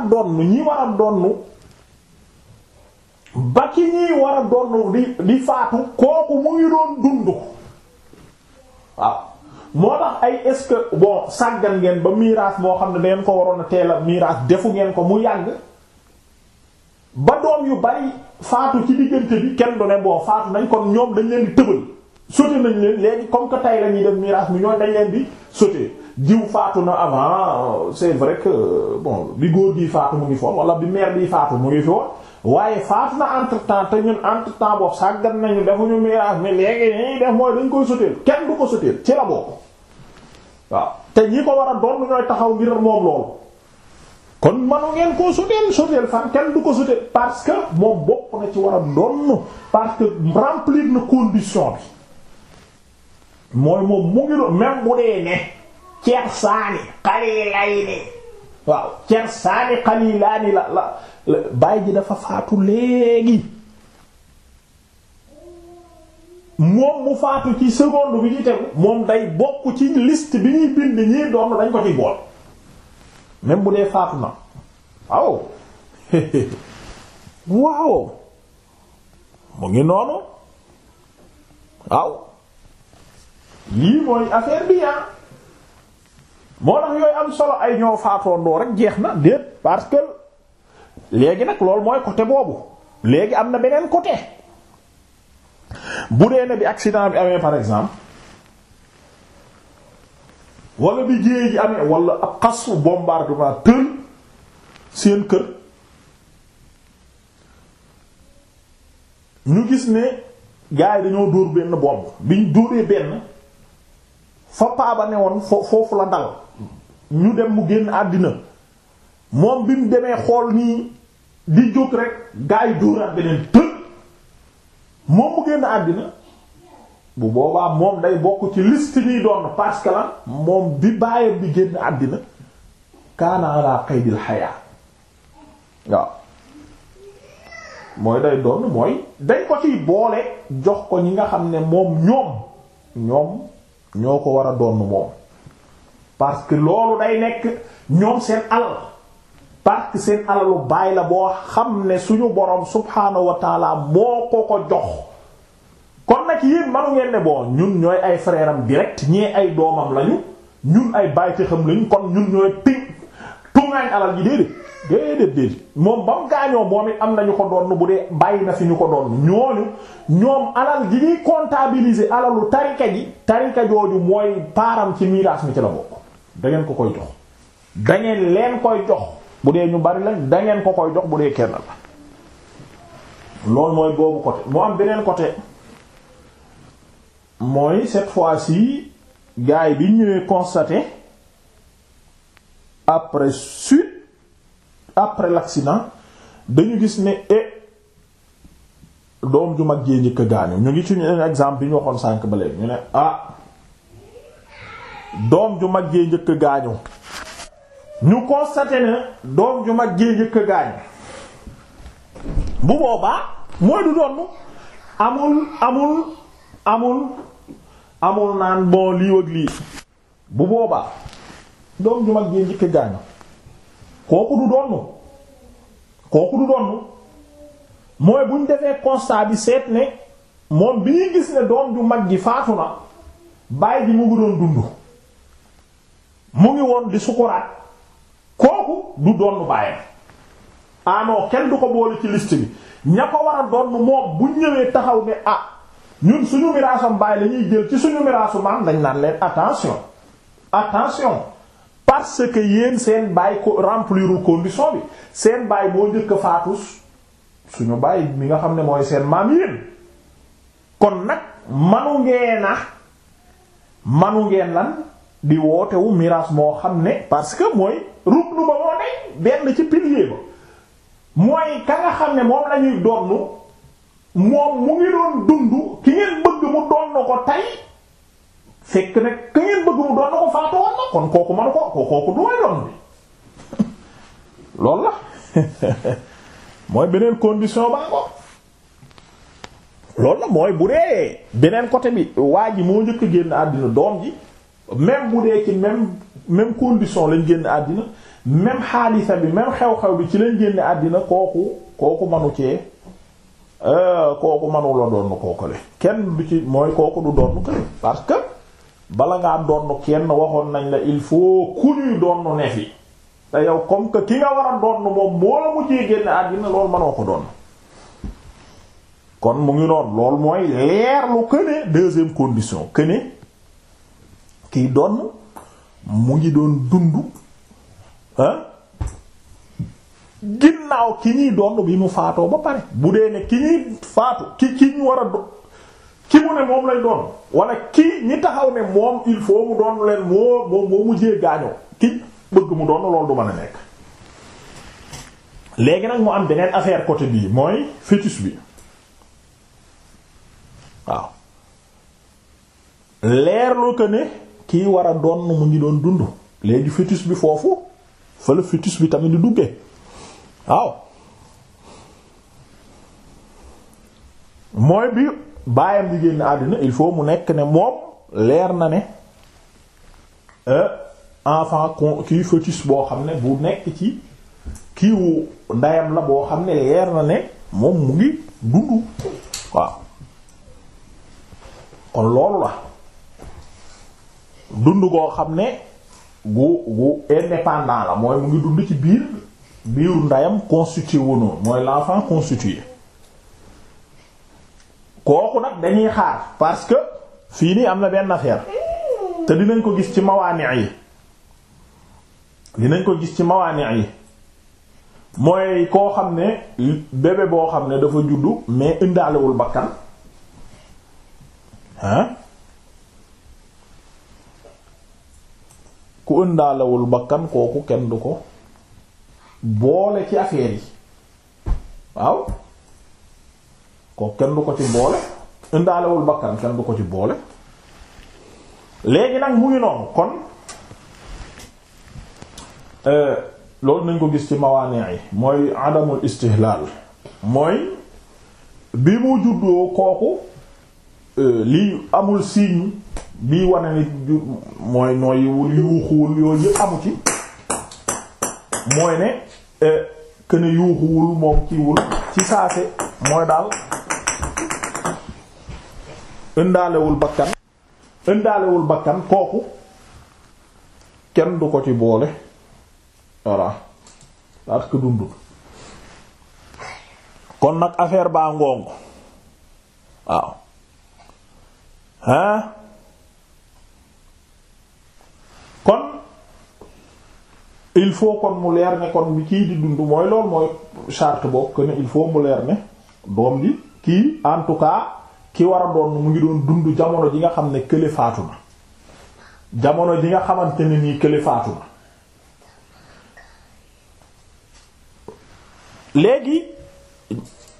a donn ñi war a donn ba ci ñi war donn di di faatu kooku mu ngi doon dund waaw moo tax ay est-ce que ngeen ba miraas moo xam ne dangeen ko waroon a teel a miraas defu ngeen ko mu yàgg ba doom yu bari faatu ci diggante bi kenn du boo faatu nañ kon ñoom dañ leen di tëbal sote nañ leen léegi comme que tay la ñuy def miraas mi ñooy dañ leen di sote jiw faatu na avant c'est vrai que bon bi góor gi faatu mu ngi fi woon wala bi mère bi faatu mu ngi fi woon waaye faatu na entre temps te ñun entre temps boobu sàggat nañu defuñu miraas mais léegi ñuy def mooy dañ koy soteel kenn du ko soteel ci la bokk waaw te ñi ko war a doon ñooy taxaw ngir moom loolu kon manu ngeen koo soteel soteel fan kenn du ko soteel parce que moom bokk na ci war a doon parce que remplir na condition bi mooy moom mu ngi cersaani xaliilayni waaw cersaani xaliilaani la la baay ji dafa faatu léegi moom mu faatu ci seconde bi ci tegu moom day bokk ci liste bi ñuy bind ñii doon dañ ko ci bool même bu dee faatu na waaw waaw mu ngi noonu waaw lii mooy affaire bi yaa ah. moo tax yooyu am solo ay ñoo faatoondoo rek jeex na déet parce que léegi nag loolu mooy côté boobu léegi am na beneen côté bu dee ne bi accident bi amee par exemple wala bi jéey ji amee wala ab xasu bombardement tël seen kër ñu gis ne gars yi dañoo dóor benn bomb ñu dóoree benn fa paaba ne woon foofu la dal ñu dem mu génn àddina moom bi mu demee xool nii di jóg rek gaa yi dóoraat beneen tëdd moom mu génn àddina bu boobaa moom day bokk ci liste ñuy doon parce que la moom bi bàyyam bi génn àddina kaana ala qaydil xayaa waaw mooy day doon mooy dañ ko ciy boole jox ko ñi nga xam ne moom ñoom ñoom ñoo ko war a doon moom parce que loolu day nekk ñoom seen alal parce que seen alalu baay la boo xam ne suñu borom subhaanahu wa taala moo ko ko jox kon nag yéen manu ngeen ne bon ñun ñooy ay frère am direct ñee ay doomam lañu ñun ay baay te xam lañu kon ñun ñooy tëj tuŋaañ alal ji déedéet déedéet déedéet moom ba mu gaañoo moom it am na ñu ko doon bu dee bàyyi na fi ñu ko doon ñooñu ñoom alal gi ñuy comptabiliser alalu tarika ji tarika jooju mooy paaram ci miraas mi ci la bokk da ngeen ko koy jox da leen koy jox bu dee ñu bari lañ dangeen ngeen ko koy jox bu dee kenn la loolu mooy boobu côté mu am beneen côté mooy cette fois-ci gars yi bi ñëwee constaté après après na dañu gis ne e doom ju mag jee njëkk gaañu ñu ngi ci ñu exemple bi ñu waxoon sànk ba léegi ñu ne ah doom ju mag jee njëkk gaañu ñu constaté ne doom ju mag jee njëkk gaañu bu boobaa mooy du doon amul amul amul amul naan bon lii ak lii bu boobaa doom ju mag jee njëkk gaañu kooku du donnu kooku du donnu mooy buñ defee constat bi seet ne moom bi ñuy gis ne doom ju mag ji faatu na baay ji mu ngi doon dund mu ngi woon di sukuraat kooku du donnu baayam ah non kenn du ko boole ci liste bi ña ko war a donnu moom buñ ñëwee taxaw ne ah ñun suñu miraasam baay la jël ci suñu miraasu maam lañ laan leen attention attention parce que yéen seen baay ko remplirul condition bi seen baay boo njëkk a faatu suñu baay mi nga xam ne mooy seen maam yéen kon nag manu ngeen a manu ngeen lan di wootewu miraas moo xam ne parce que mooy ruknu ba moo ne benn ci pilier ba mooy ka nga xam ne moom lañuy donn moom mu ngi doon dund ki ngeen bëgg mu doon na ko tey fekk nag ka ngeen bëgg doon na ko faatu woon na kon kooku manu ko kooku du may doon bi loolu la mooy beneen condition baa ko loolu la mooy bu dee beneen côté bi waa ji moo njëkk génn àddina doom ji même bu dee ci même même condition lañ génn àddina même xaalisa bi même xew-xew bi ci lañ génn àddina kooku kooku manu cee euh, kooku manu la doon kookale kenn du ci mooy kooku du doon kale parce que bala ngaa donn kenn waxoon nañ la il faut ku ñuy donn ne fi te yow comme que ki nga war a donn moom moo mujjee génn àddina loolu mënoo ko donn kon mu ngi noonu loolu mooy leerlu këne deuxième condition këne kiy donn mu ngi doon dund ah ginnaaw ki ñuy donn bi mu faatoo ba pare bu dee ne ki ñuy faatu ki ki ñu war a do ki mu ne moom lay doon wala kii ñi taxaw ne moom il faut mu doon leen moo moom moo mujjee gaañoo ki bëgg mu doon loolu du ma a nekk léegi nag mu am beneen affaire côté bii mooy fétiche bi waaw leerlu ko ne kii war a doon mu ngi doon dund léegi fétiche bi foofu fa la bi tamit di duggee waaw mooy bi baayam di génn àddina il faut mu nekk ne moom leer na ne euh, enfant con kii fœtus boo xam ne bu nekk ci kiiwu ndeyam la boo xam ne leer na ne moom mu ngi dundu waaw kon loolu la dund goo xam ne gu gu indépendant la mooy mu ngi dund ci biir biiru ndeyam constitué wu noonu mooy l'enfant constitué kooku nag dañuy xaar parce que fii nii am na benn affaire te dinañ ko gis ci mawaani yi dinañ ko gis ci mawaani yi mooy koo xam ne bébé boo xam ne dafa juddu mais indaalewul bakkan ah ku indaalewul bakkan kooku kenn du ko boole ci affaire yi waaw kooku kenn du ko ci boole indaalewul bakkan kenn du ko ci boole léegi nag mu ngi noonu kon euh, loolu nañ ko gis ci mawaane yi mooy adamul istihlaal mooy bi mu juddoo kooku euh, lii amul signe bii wane nit mooy noyyiwul yuuxuwul yooyu yëpp amu ci mooy ne euh, que ne yuuxuwul moom kiiwul ci saase mooy daal ëndaalewul bakkan ëndaalewul bakkan kooku kenn du ko ci boole voilà parce que dundul kon nag affaire baa ngoong waaw hein kon il faut kon mu leer ne kon bi kii di dund mooy loolu mooy charte boobu que il faut mu leer ne doom bi kii en tout cas ki war a doon mu ngi doon dund jamono ji nga xam ne kële na jamono ji nga xamante ne nii kële na léegi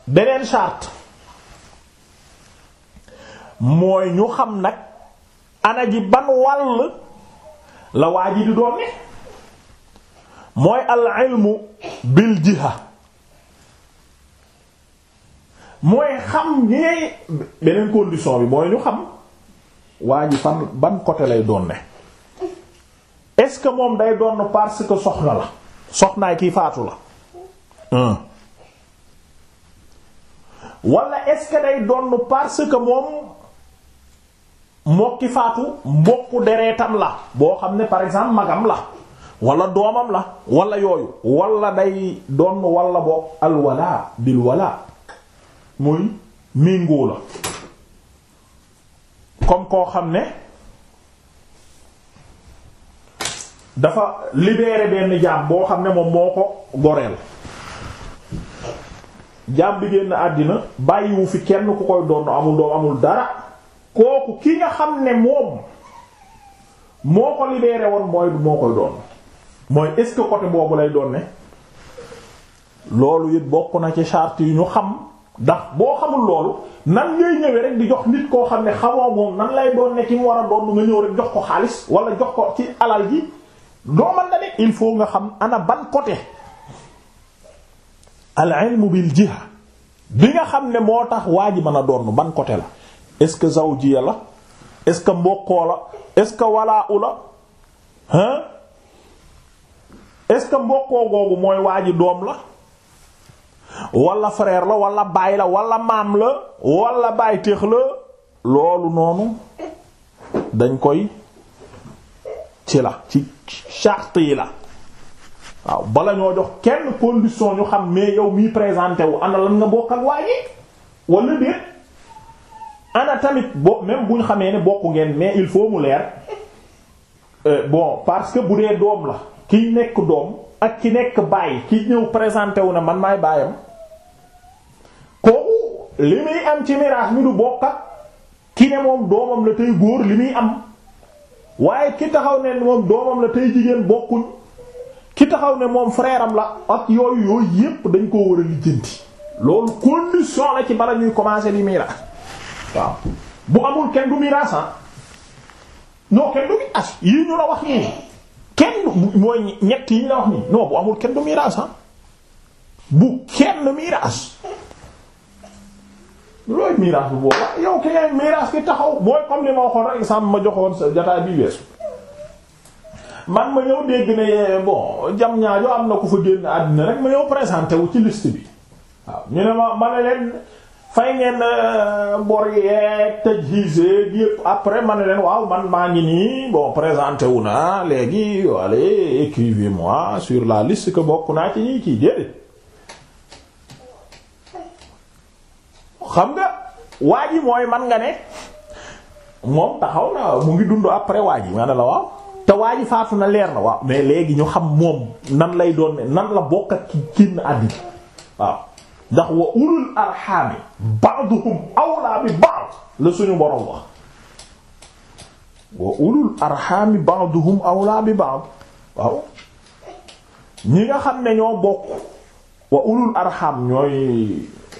beneen charte mooy ñu xam nag ana ji ban wàll la waa ji di doon ne mooy al ilmu bil jiha mooy xam ñi beneen condition bi mooy ñu xam waa ji fan ban côté lay doon ne est-ce que moom day doon parce que soxna la soxnaay kii faatu la un wala est-ce day doon parce que moom mokki faatu mbokku deretam la boo xam ne par exemple magam la wala doomam la wala yooyu wala day doon walla boog alwala bil muy méngoo la comme koo xam ne dafa libéré benn jaam boo xam ne moom moo ko goreel jaam bi génn àddina bàyyiwu fi kenn ku koy doon amul doom amul dara kooku ki nga xam ne moom moo ko libéré woon mooy moo koy doon mooy est-ce boobu lay doon ne loolu it bokk na ci charte yu ñu xam ndax boo xamul loolu nan ngay ñëwee rek di jox nit koo xam ne xamoo moom nan lay doon ne ki mu war a doon nga ñëw rek jox ko xaalis wala jox ko ci alal ji doo na ne il faut nga xam ana ban côté al ilmu bil bi nga xam ne moo tax waa ji mën a doon ban côté la est-ce que zawjiya la est-ce que mbokkoo la est-ce que walaa u la hein est-ce que mbokkoo googu mooy waaji doom la walla frère la wala bàyyi la walla maam la walla baay téex la loolu noonu dañ koy ci la ci charte yi la waaw bala ñoo jox kenn condition ñu xam mais yow miy présenté wu ana lan nga bokkal waaye wala déet ana tamit bo même bu ñu xamee ne bokku ngeen mais il faut mu leer euh, bon parce que bu dee doom la kiy nekk doom ak ki nekk baay ki ñëw présenté wu ne man maay baayam kooku li muy am ci miraas mi du bokkat ki ne moom doomam la tey góor li muy am waaye ki taxaw ne moom doomam la tey jigéen bokkuñ ki taxaw ne moom frère la ak yooyu yooyu yépp dañ koo war a lijjanti loolu condition la ci bala ñuy commencer di miraas ah. ñu la wax nii kenn mooy ñett yi ñu la wax nii non bu amul kenn du miraas ah. bu kenn miraas looy miraas bu boobaa yow ki ngay miraas ki taxaw mooy comme li ma waxoon rek sàmm ma joxoon sa jotaay bi weesu. man ma ñëw dégg ne bon jam ñaajo am na ku fa génn àddina rek ma ñëw présenté wu ci liste bi waaw ñu ne ma ma ne leen fay ngeen euh, bor yeeg tëj hiseeg yëpp après ma ne leen waaw man maa ngi nii bon présenté wu na léegi allez écrivez-moi sur la liste que bokk naa ci ñi kii déedéet xam nga waa ji mooy man nga ne moom taxaw na mu ngi dund après waa ji ma la waaw te waa ji faatu na leer na waaw mais léegi ñu xam moom nan lay doon ne nan la bokk ak ki génn àddina waaw ndax wa ulul arxaami ba'duhum awlaa bi ba'd la suñu borom wax wa ulul arxaami waaw ñi nga xam ne ñoo bokk wa ulul arham ñooy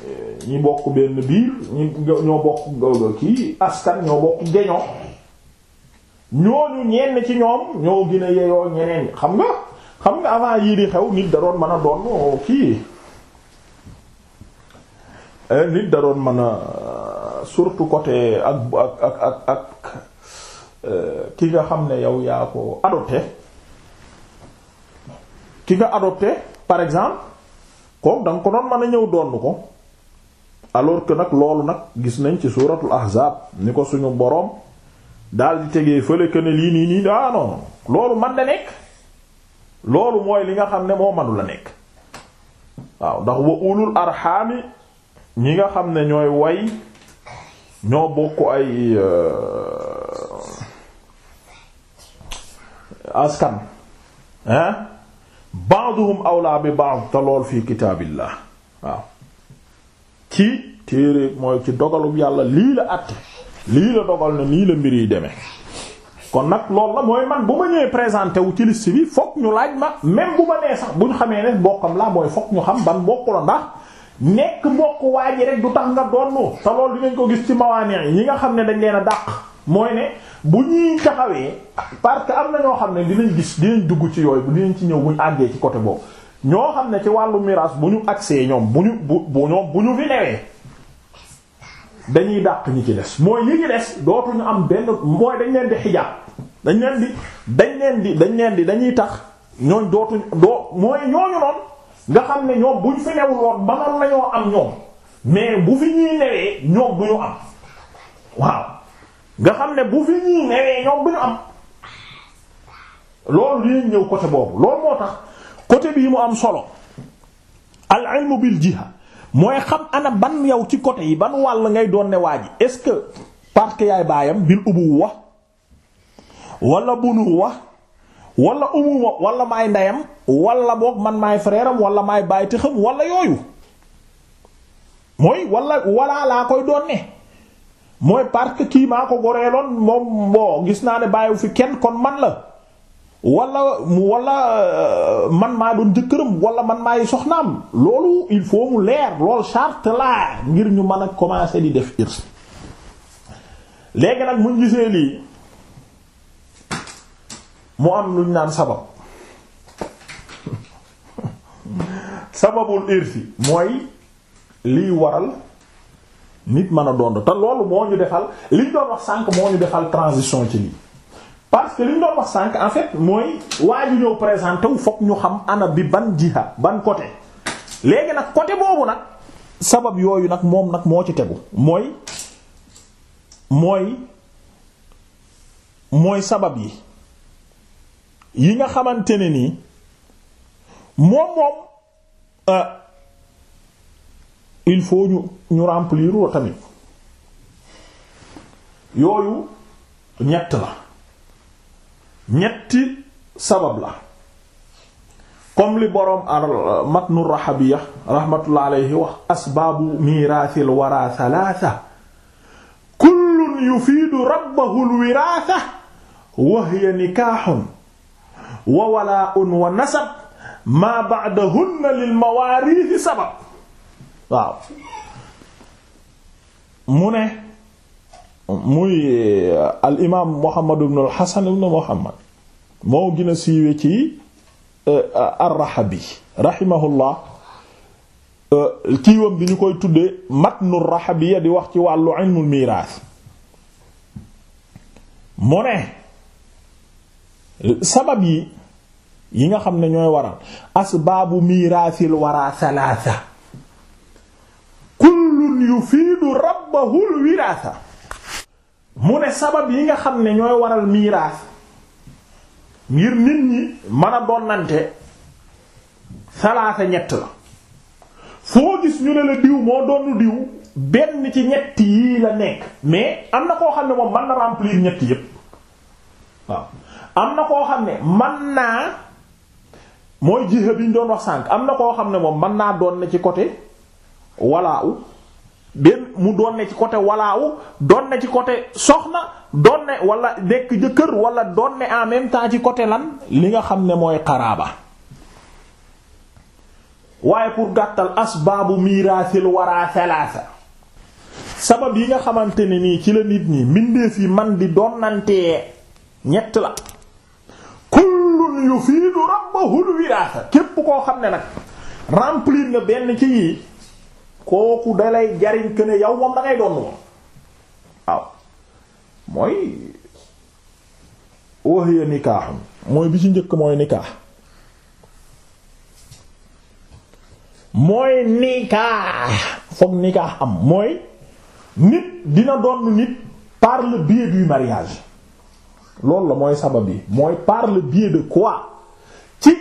eh, ñi bokk benn biir ñi ñoo bokk kii askan ñoo bokk geñoo ñooñu ñenn ci ñoom ñoo gën a yeyoo ñeneen xam nga xam nga avant yii di xew nit da doon mën a doon oh, kii eh, nit da mën a surtout côté ak ak ak ak eh, ki nga xam ne yow yaa ko adopté ki nga adopté par exemple kooku da nga ko doon mën a ñëw donn ko alors que nag loolu nag gis nañ ci suuratul ahzaab ni ko suñu boroom daal di tegee fële que ne lii nii nii ah non loolu man da nekk loolu mooy li nga xam ne moo mënul a nekk waaw ndax wa ulul arxaami ñi nga xam ne ñooy way ñoo bokk ay euh, askan hein ba'duhum awlaa bi ba'd te lool fii kitaabillah waaw ci téere mooy ci dogalu yàlla lii la àtte lii la dogal na nii la mbir yi demee kon nag loolu la mooy man bu ma ñëwee présenté wu ci liste bi fokk ñu laaj ma même bu ma nee sax bu ñu xamee ne mbokkam laa mooy fokk ñu xam ban mbokk la ndax nekk mbokk waa ji rek du tax nga donnu te loolu dinañ ko gis ci mawaane yi ñi nga xam ne dañ leen a dàq. mooy ne bu ñuy taxawee parce que am na ñoo xam ne dinañ gis dinañ dugg ci yooyu bu dinañ ci ñëw bu ñu àggee ci côté boobu ñoo xam ne ci wàllu miraas bu ñu agsee ñoom bu ñu bu ñoom bu ñu fi dañuy dàq ñi ci des mooy ñi ci am benn mooy dañ leen di xijaab dañ dañ leen di dañ leen di dañuy tax ñooñ dootuñ doo mooy ñooñu noonu nga xam ne ñoom buñ fi newul woon ba man nañoo am ñoom mais bu fi ñuy newee ñoom du ñu am waaw nga xam ne bu fi ñii newee ñoom bi ñu am loolu li ñëw côté boobu loolu moo tax côté bii mu am solo al ilmu bil jiha mooy xam ana ban yow ci côté yi ban wàll ngay doon ne waa ji est-ce que parce que yaay baayam bil ubuwa wala bunuwa wala umuwa wala maay ndeyam wala boog man maay frère am wala maay baay te xam wala yooyu mooy wala wala laa koy doon ne mooy parce kii maa ko goreeloon moom boo gis naa ne bàyyiwu fi kenn kon man la walla wala wala euh, man maa doon jëkkëram wala man maay soxnaam loolu il faut mu leer lool charte la ngir ñu mën a commencer di def irs léegi nag muñ gisee lii mu am lu ñu naan sabab sababul irsi mooy liy waral nit mën a doon te loolu moo ñu defal liñ doon wax sànq moo ñu defal transition ci lii parce que liñ doon wax sànq en fait mooy waa ju ñëw présenté wu fokk ñu xam ana bi ban jiha ban côté léegi nag côté boobu nag sabab yooyu nag moom nag moo ci tegu mooy mooy mooy sabab yi yi nga xamante ne nii moom moom. Euh, il faut ñu ñu remplir loo tamit yooyu ñett la ñetti sabab la comme li boroom ar matnu raxabiya raxmatullah alayhi wax asbaabu miiraasil waraa salaasa kullun yufiidu rabbahul wiraasa wa hiya nikaaxun wa walaa'un wa nasab maa ba'dahunna lil mawaariisi sabab waaw mu ne muy eh, al imaam Muhammad ibn al Hasan ibn Muhammad moo gën a ci eh, ar-Rahabi rahimahullah eh, kiiwam bi ñu koy tuddee matnu ar-Rahabiyya di wax ci wàllu ilmul miiraas mu ne sabab yi yi nga xam ne ñooy waral asbaabu miiraasil waraa salaasa sababun yufiidu rabbahul wiraasa mu ne sabab yi nga xam ne ñooy waral miiraas ngir nit ñi mën a donnante salaasa ñett la foo gis ñu ne la diw moo doonu diw benn ci ñett yii la nekk mais am na koo xam ne moom mën na remplir ñett yépp na koo xam ne mën naa mooy jiha bi doon wax sànk am na koo xam ne moom mën naa doon na ci côté walaa u benn mu doon ne ci côté walaawu doon ne ci côté soxna doon ne wala nekk jëkkër wala doon ne en même temps ci côté lan li nga xam ne mooy xaraaba waaye pour gàttal asbaabu miiraasil waraa salaasa sabab yi nga xamante ne nii ci la nit ñi mbindeef yi man di donnantee ñett la kullun yufiidu rabbahul wiraasa képp koo xam ne nag remplir nga benn ci yii kooku dalay jariñ que ne yow moom da doon moom waaw mooy waxiya nikaaxum mooy bi ci njëkk mooy nikaax mooy nikaax foog nikaax am mooy nit dina doon nit par le biais du mariage la mooy sabab yi mooy par le biais quoi ci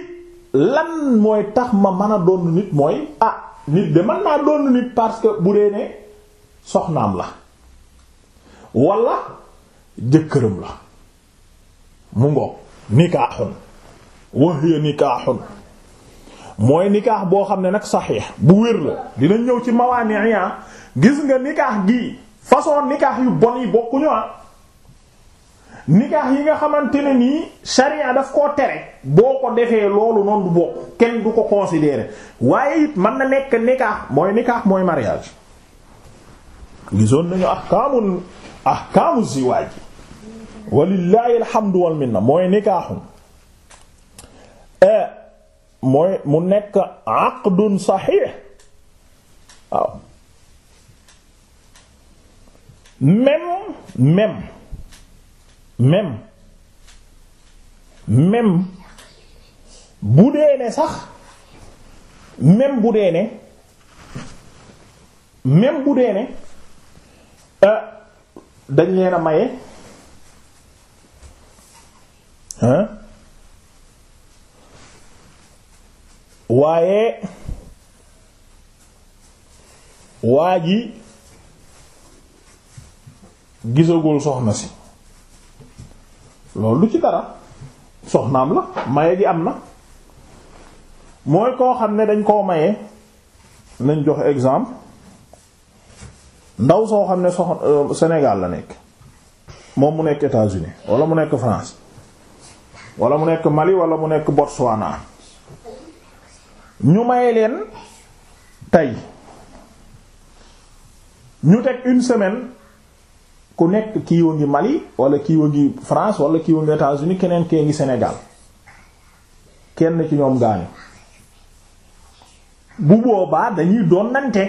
lan mooy tax ma mën a doon nit mooy ah nit de mën naa nit parce que bu dee ne soxnaam la wala jëkkëram la mu ngoog nikaaxun wahiya nikaaxun mooy nikaax boo xam ne nag saxiix bu wér la dina ñëw ci mawaani ah gis nga nikaax gi façon nikaax yu bon yi bokkuñu ah nikaax yi nga xamante ne nii sharia daf koo tere boo ko defee loolu noonu du bokk kenn du ko considérer waaye it mën na nekk nikaax mooy nikaax mooy mariage gisoon nañu ahkaamul ahkaamu ziwaaj walillahi alhamdu wal minna mooy nikaaxum eh, mooy mu nekk aqdun saxiix waaw même même même bu dee ne sax même bu dee ne même bu dee ne euh, dañ leen a maye hein waaye waa ji gisagul soxna si loolu ci dara soxnaam la maye gi am na mooy koo xam ne dañ koo maye nañ jox exemple ndaw soo xam ne sox euh, Sénégal la nekk moom mu nekk États-Unis wala mu nekk France wala mu nekk Mali wala mu nekk Botswana ñu maye leen tey ñu teg une semaine ku nekk kii wa ngi Mali wala kii wa ngi France wala kii wa ngi états keneen kee ngi Sénégal kenn ci ñoom gaañu bu boobaa dañuy donnante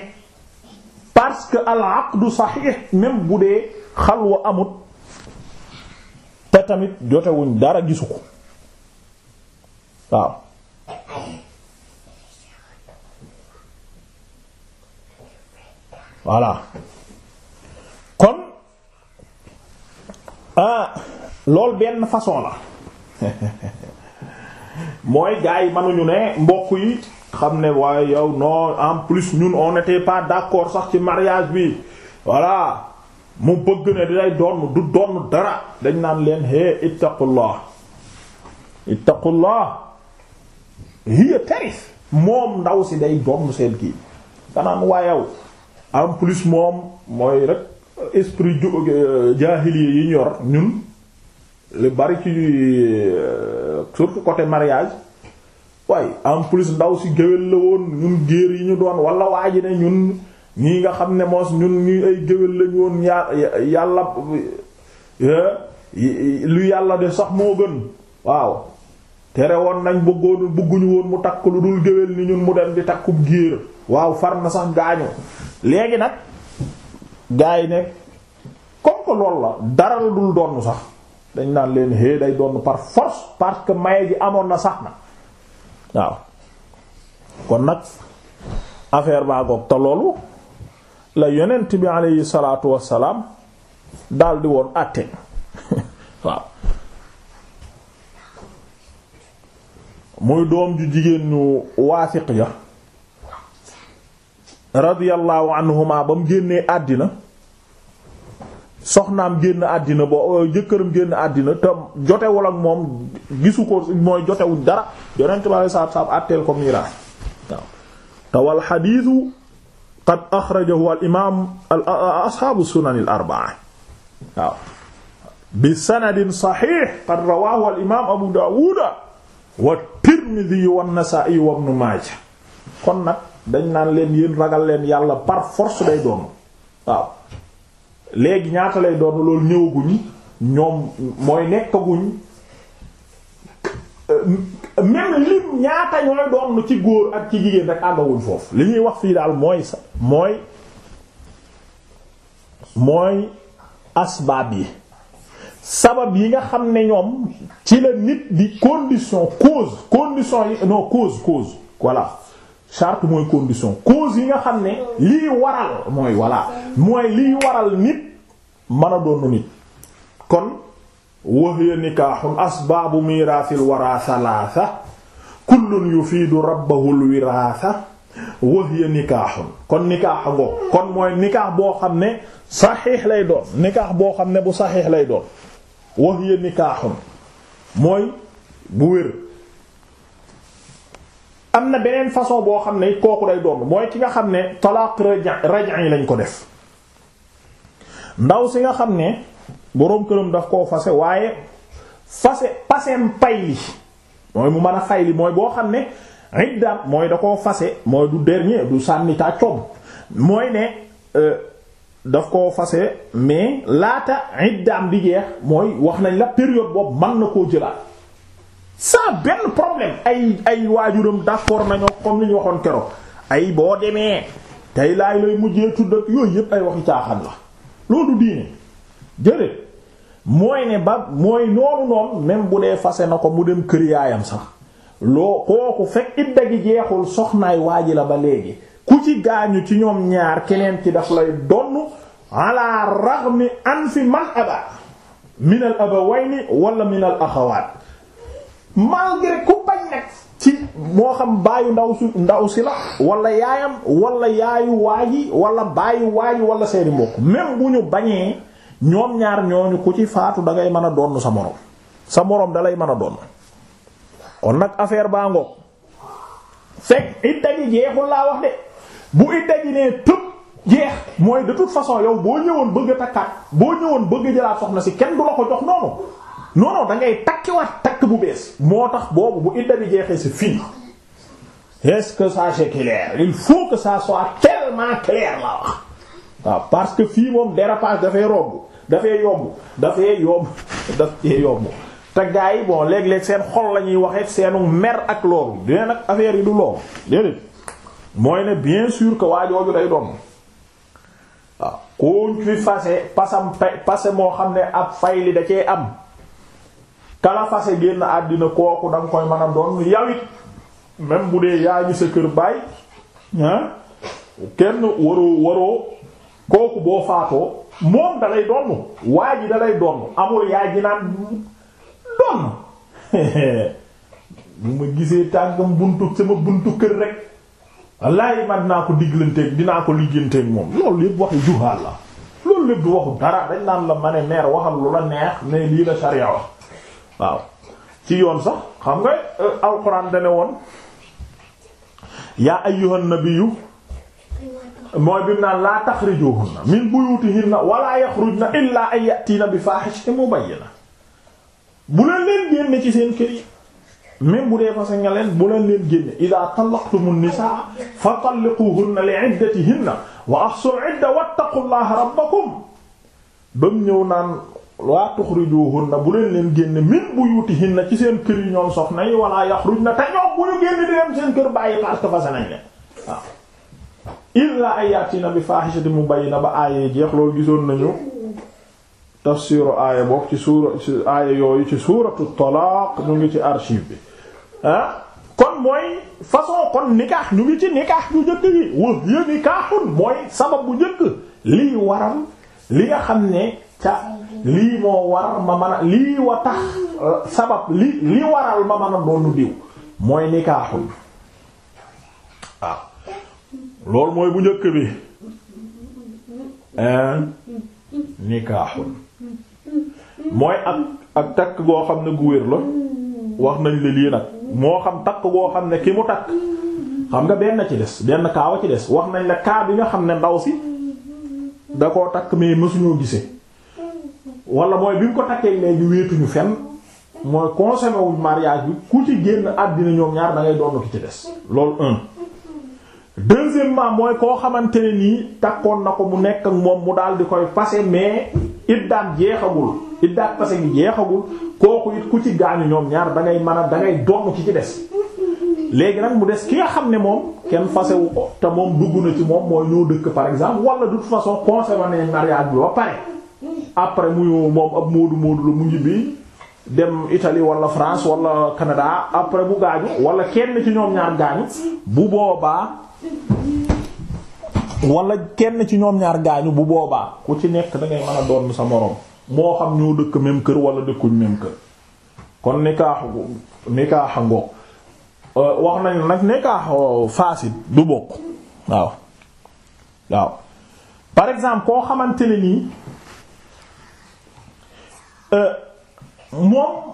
parce que al aqdu sahih même bu dee xalwa amut te tamit jotewuñ dara gisu ko waaw voilà lool benn façon la mooy gars yi mënuñu ne mbokk yi xam ne waaye yow non en plus ñun on n'était pas d'accord sax ci mariage bi voilà mu bëgg ne day doon du doon dara dañ naan leen hé ittaqullah ittaqullah hiya tarif moom ndaw si day doon seen kii kanaan waayow en plus moom mooy rek esprit jahiliya euh, yi ñor ñun lu bari ci euh, surtout côté mariage waaye en plus ndaw si géwél la woon ñun géer yi ñu doon wala waa ji ne ñun ñi nga xam ne moos ñun ñuy ay géwél lañu woon yàlla euh, lu yàlla de sax moo gën waaw tere woon nañ bëggoon bëgguñu woon mu takk lu dul géwél ni ñun mu dem di takkub géer waaw far na sax gaañu léegi nag gaa yi ne comme que loolu la dara la dul doon sax dañ naan leen hé day doon par force parce que maye ji amoon na sax na waaw kon nag affaire baa goog te loolu la yonent bi aleyhi salaatu wassalaam daldi woon àtte waaw muy doom ju jigéen ñu waasiq ja radiyallahu anhuma ba mu génnee àddina soxnaam génn àddina bo euh, jëkkëram génn àddina te jotewul ak moom gisu ko mooy jotewul dara yonent bi alei saatu ko miraas waaw te wal xadiisu qad bi sanadin saxiix qad rawaahu al abu daawuda wa tirmidi wa nasaa'i wa ibnu maaja kon nag dañ naan leen yéen ragal leen yàlla par force day doon léegi ñaata lay doon loolu ñëwaguñ ñoom mooy nekkaguñ même lim ñaata ñooy doon ci góor ak ci jigéen rek àndawuñ foofu li ñuy wax fii daal mooy sa mooy mooy asbaab yi sabab yi nga xam ne ñoom ci la nit di condition cause condition yi non cause cause voilà charte mooy condition cause yi nga xam ne lii waral mooy voilà mooy lii waral nit mën a doon nit kon waxya nikaaxun asbaabu miraasil wara salaasa fii yufiidu rabbahul wiraasa waxya nikaaxun kon nikaax ngo kon mooy nikaax boo xam ne saxiix lay doon nikaax boo xam ne bu saxiix lay doon waxya nikaaxun mooy bu wér am na beneen façon boo xam ne kooku day doon mooy ki nga xam ne talaaq raj'i lañ ko def ndaw si nga xam ne boroom këram daf koo fase waaye fase pasem pay li mooy mu mën a fay li mooy boo xam ne iddaam mooy da koo fase mooy du dernier du sànni tàccoom mooy ne euh, daf koo fase mais laata iddaam di jeex mooy wax nañ la période boobu mën na koo jëlaat sans benn problème ay ay waajuram d'accord nañoo comme li waxoon keroog ay boo demee tey laay lay mujjee tudd yooyu yépp ay waxi caaxaan la loolu diine jëlee mooy ne ba mooy noonu noonu même bu dee fase na ko mu dem kër yaayam sax loo kooku fekk idda gi jeexul soxnaay waaji la ba léegi ku ci gaañu ci ñoom ñaar keneen ci daf lay donn ala mi an fi man aba min al abawayni wala min axawaat malgré ku bañ nag ci moo xam baayu ndaw si ndaw si la walla yaayam walla yaayu waaji wala baayu waaji wala seeni mbokk même bu ñu bañee ñoom ñaar ñooñu ku ci faatu da ngay mën a doon sa moroom sa moroom dalay mën a doon kon nag affaire baa ngoog fekk idda ji jeexul laa wax de bu idda ji nee tëb jeex mooy de toute façon yow boo ñëwoon bëgg takkaat boo ñëwoon bëgg jëlaat soxna si kenn du la ko jox noonu non non da ngay takkiwaat takk bu bees moo tax boobu bu idda bi jeexee c'est fini est-ce que ça c'est clair il faut que ça soit tellement clair la wax parce que fii moom dérapage dafay romb dafay yomb dafay yomb dafay yomb yi bon léeg-léeg seen xol la ñuy waxee seenu mer ak loolu dina nag affaire yi du loolu déedéet mooy ne bien sûr que waa jooju day doon waaw koo fi fase pasam pase moo xam ne ab fay li da cee am. kala fase génn àddina kooku danga koy man a doon yawit même bu dee yaa ngi sa kër baay ah kenn waroo waroo kooku boo faatoo moom dalay donn waa ji dalay donn amul yaay ji naan donn bu ma gisee tànkam buntu sama buntu kër rek wallaahi man naa ko diglanteeg dinaa ko ligganteeg moom loolu lépp waxi juhaal la loolu lépp du waxu dara dañ naan la ma ne meer waxal lu la neex ne lii la sariya wax waaw ci yoon sax xam nga euh, alxuraan dane woon yaa ayyuhan nabiyyu mooy bi mu naan laa taxrijuhunna min buyutihinna wala yaxrujna illaa an yatiina bi faahishatin mubayyina bu leen leen génne ci seen kër yi bu dee fase nga leen bu leen leen génne idaa tallaqtumu nisaa fa talliquhunna li iddatihinna wa ahsul idda wattaqullaha rabbakum ba ñëw naan laa tuxrijuhunna bu leen leen génne min buyutihinna ci seen kër yi ñoom soxna yi wala yaxrujna te ñoom bu ñu génne di seen kër bàyyi parce que nañ leen waaw illa ay yatina bi fahishatin mubayyina ba aayee jeex loolu gisoon nañu tafsiru aaya boobu ci suura ci aaya yooyu ci suuratu talaaq ñu ngi ci archive bi ah kon mooy façon kon nikaax ñu ngi ci nikaax bu njëkk yi wa hiya nikaahun mooy sabab bu njëkk lii waral li nga xam ne ca lii moo war ma mën a lii wa tax sabab li li waral ma mën a doonu diw mooy nikaaxul waaw loolu mooy bu njëkk bi nikaaxul mooy ak ak takk goo xam ne gu wér la wax nañ la lii nag moo xam takk goo xam ne ki mu takk xam nga benn ci des benn kaawa ci des wax nañ la kaa bi nga xam ne ndaw si da koo takk mais mësuñoo gisee wala mooy bi ñu ko takkee léegi wéetuñu fenn mooy consommé wuñ mariage bi ku ci génn àddina ñoom ñaar da ngay doon ki ci des loolu mooy koo xamante ne nii takkoon na ko mu nekk ak moom mu daal di koy passé mais iddaat jeexagul iddaat passé gi jeexagul kooku it ku ci gaañu ñoom ñaar da ngay mën a da ngay doon ki ci des léegi nag mu des ki nga xam ne moom kenn fasewu ko te moom dugg na ci moom mooy ñoo dëkk par exemple wala du façon consommé nañ mariage bi ba pare après muy moom ab moodu moodu la mu ngi bi dem Italie walla France walla Canada après bu gaañu wala kenn ci ñoom ñaar gaañu bu boobaa wala kenn ci ñoom ñaar gaañu bu boobaa ku ci nekk da ngay a doon sa moroom moo xam ñoo dëkk même kër wala dëkkuñ même kër kon nikaaxu nikaaxa ngoog euh, wax nañ nag nikaax fasid du bokk waaw waaw par exemple koo xamante nii Euh, moom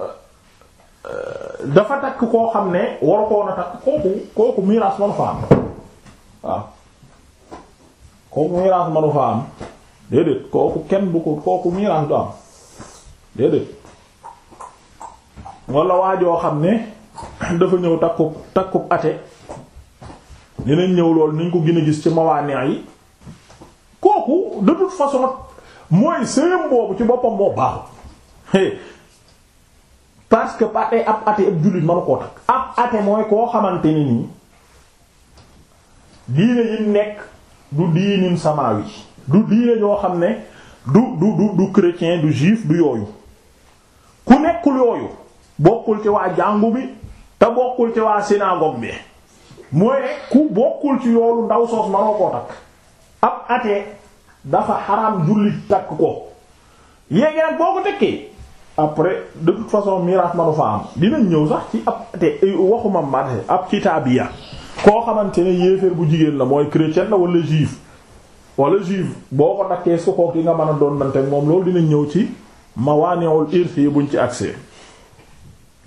euh, dafa takk koo xam ne war koo na takk kooku kooku miraas manu fa am déedéet kooku kenn du ko kooku miraas du am déedéet wala waajoo xam ne dafa ñëw takkub takkub ate dinañ ñëw lool niñ ko gën a gis ci mawaane yi kooku de façon mooy sëyam boobu ci boppam moo baaxul parce que ba tey eh, ab ate ab jullit manu koo takk ab ate mooy koo xamante ni nii diine yi nekk du diinim samaawi du diine yoo xam ne du du du du chrétien du juif du yooyu ku nekkul yooyu bokkul ci waa jàngu bi te bokkul ci waa synagogue bi mooy ku bokkul ci yoolu ndaw soos manoo koo takk ab ate dafa xaraam jullit takk ko yéegi nag boo ko tekkee après de toute façon miraas manu fa am dinañ ñëw sax ci ab te eh, waxuma mate ab kitaabiya koo xamante ne yéeféer bu jigéen la mooy chrétien la wala juif wala juif boo ko takkee su xoog yi nga mën a doon nante moom loolu dina ñëw ci mawaaneewul irsi yi buñ ci accès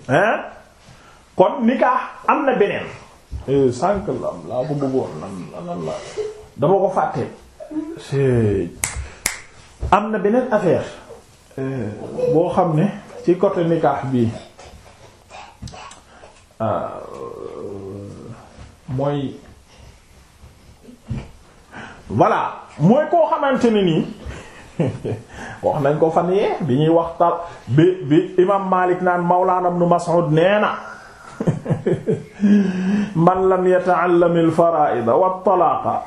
hein kon nikaa am na beneen eh, sànq la laa ko bëggoon lan lan la dama ko fàtte am na beneen affaire euh, boo xam ne ci côté nikaax bi euh, mooy voilà mooy koo xamante ne nii wax nañ ko fan yee bi ñuy waxtal bi bi imaam Maalik naan Mawlaana Ibnu Mas'ud nee na man lam yata'allam al-faraa'id wa at-talaaq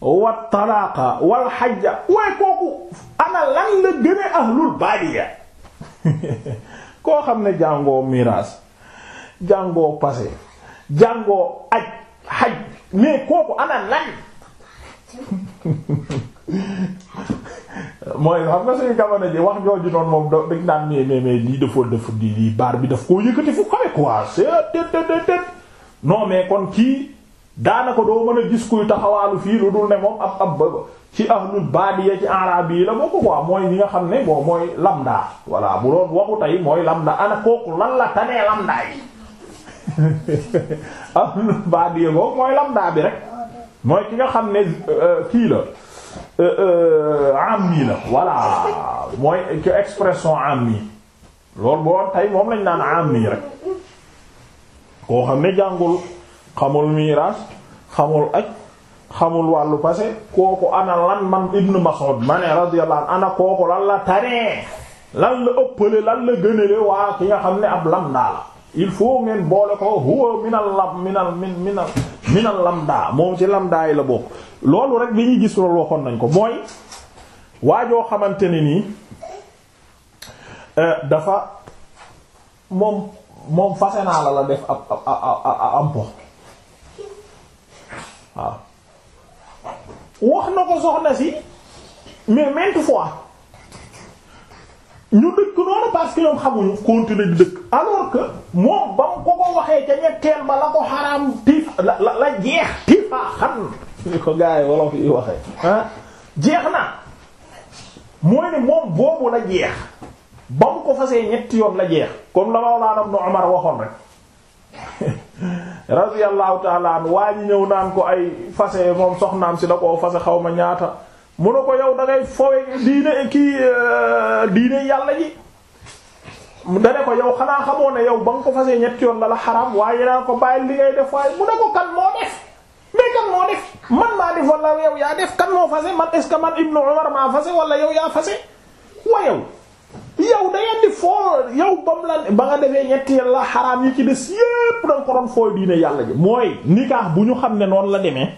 wa talaaqa wal xajja waaye kooku ana la gën a ahlul baadiya koo xam ne jàngoo miraas jàngoo passé jàngoo aj xaj mais kooku ana lan mooy xam nga suñu jamono ji wax jooju noonu moom da dañ naan mais mais mais lii dafoo def lii baar bi daf koo yëkkati fu kawe quoi c'est non mais kon kii daanaka doo mën a gis kuy taxawaalu fii lu dul ne moom ab ab ci ahlul baadiya ci araab yi la bokk quoi mooy ñi nga xam ne moo mooy lambda voilà bu doon waxu tey mooy lambda ana kooku la tanee lambda yi ahlul baadiya bi rek mooy ki nga xam ne euh, euh, kii la euh, am yi la voilà mooy expression am yi loolu boo tey moom lañ naan am yi rek koo xam ne jàngul xamul miraas xamul aj xamul wàllu passé kooku ana lan man ibnu Mas'ud ma ne ana kooku lan la taree lan la ëppale lan la gënale waa ki nga xam ne ab lamdaa la il faut ngeen boole ko huwa minal lam minal minal minal lamdaa moom ci lamdaa yi la bokk loolu rek bi ñuy gis loolu waxoon nañ ko mooy waajoo xamante ne nii dafa moom moom fase naa la la def ab ab ab am po waaw wax na ko soxna si mais maintes fois ñu dëkk noonu parce que xamuñu continuer di dëkk alors que moom ba mu ko ko waxee ca ñetteel ba la ko xaraam tif la la jeex tifaa xam ni ko gars yi wolof waxee ah jeex na mooy ne moom boobu la jeex ba mu ko fasee ñetti yoon la jeex comme la Mawlaana Ibnu Umar waxoon rek radiyallahu taala an waa ñi ñëw naan ko ay fase moom soxnaam si da koo fase xaw ma ñaata mu ne ko yow da ngay fowe diine kii euh, diine yàlla ji dane ko yow xanaa xamoo ne yow ba nga ko fase ñetti yoon la la xaram waaye naa ko bàyyi li ngay def waaye mu ne ko kan moo def mais kan moo def man maa def wala yow yaa def kan moo fase man est ce ibnu umar maa fase wala yow yaa fase wa yow yow da ngeen di foo yow ba mu la ba nga defee ñetti la xaraam yi ci des yépp da ko doon fooy diine yàlla ji mooy nikaax bu ñu xam ne noonu la demee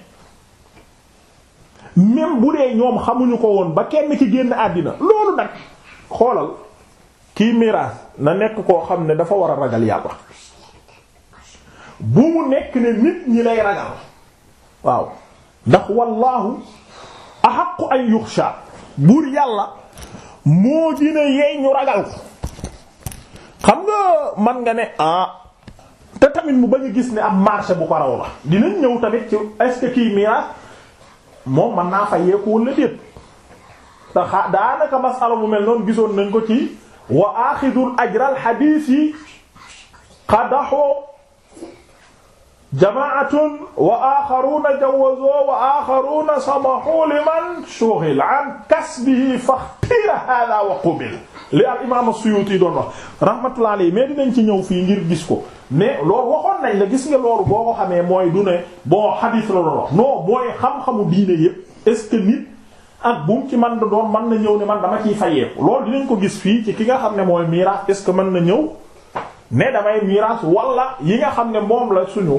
même bu dee ñoom xamuñu ko woon ba kenn ci génn àddina loolu nag xoolal kii miraas na nekk koo xam ne dafa war a ragal yàlla bu mu nekk ne nit ñi lay ragal waaw ndax wallaahu ahaqqu an yukhsha buur yàlla moo dina yeey ñu ragal xam nga man nga ne ah, te tamit mu ba a gis ne am marché bu ko raw la dinañ ñëw tamit ci est moom man naa fayeeku walla déet te xa daanaka masala bu mel noonu gisoon nañ ko ci wa aaxidul ajral xadiis yi xadaxoo jamaatun wa axaruna jawazoo wa axaruna samaxu liman shughila an kasbihi faxtira hada wa qubil li al imam Suyuti doon wax rahmatullahi alayhi mais dinañ ci ñëw fii ngir gis ko mais loolu waxoon nañ la gis nga loolu boo ko xamee mooy du ne boo xadiis la doon wax non mooy xam-xamu diine yépp est-ce que nit ak bu ci man da doon mën na ñëw ne man dama ciy fayeeku loolu dinañ ko gis fii ci ki nga xam ne mooy miraas est-ce que mën na ñëw ne damay miraas wala yi nga xam ne moom la suñu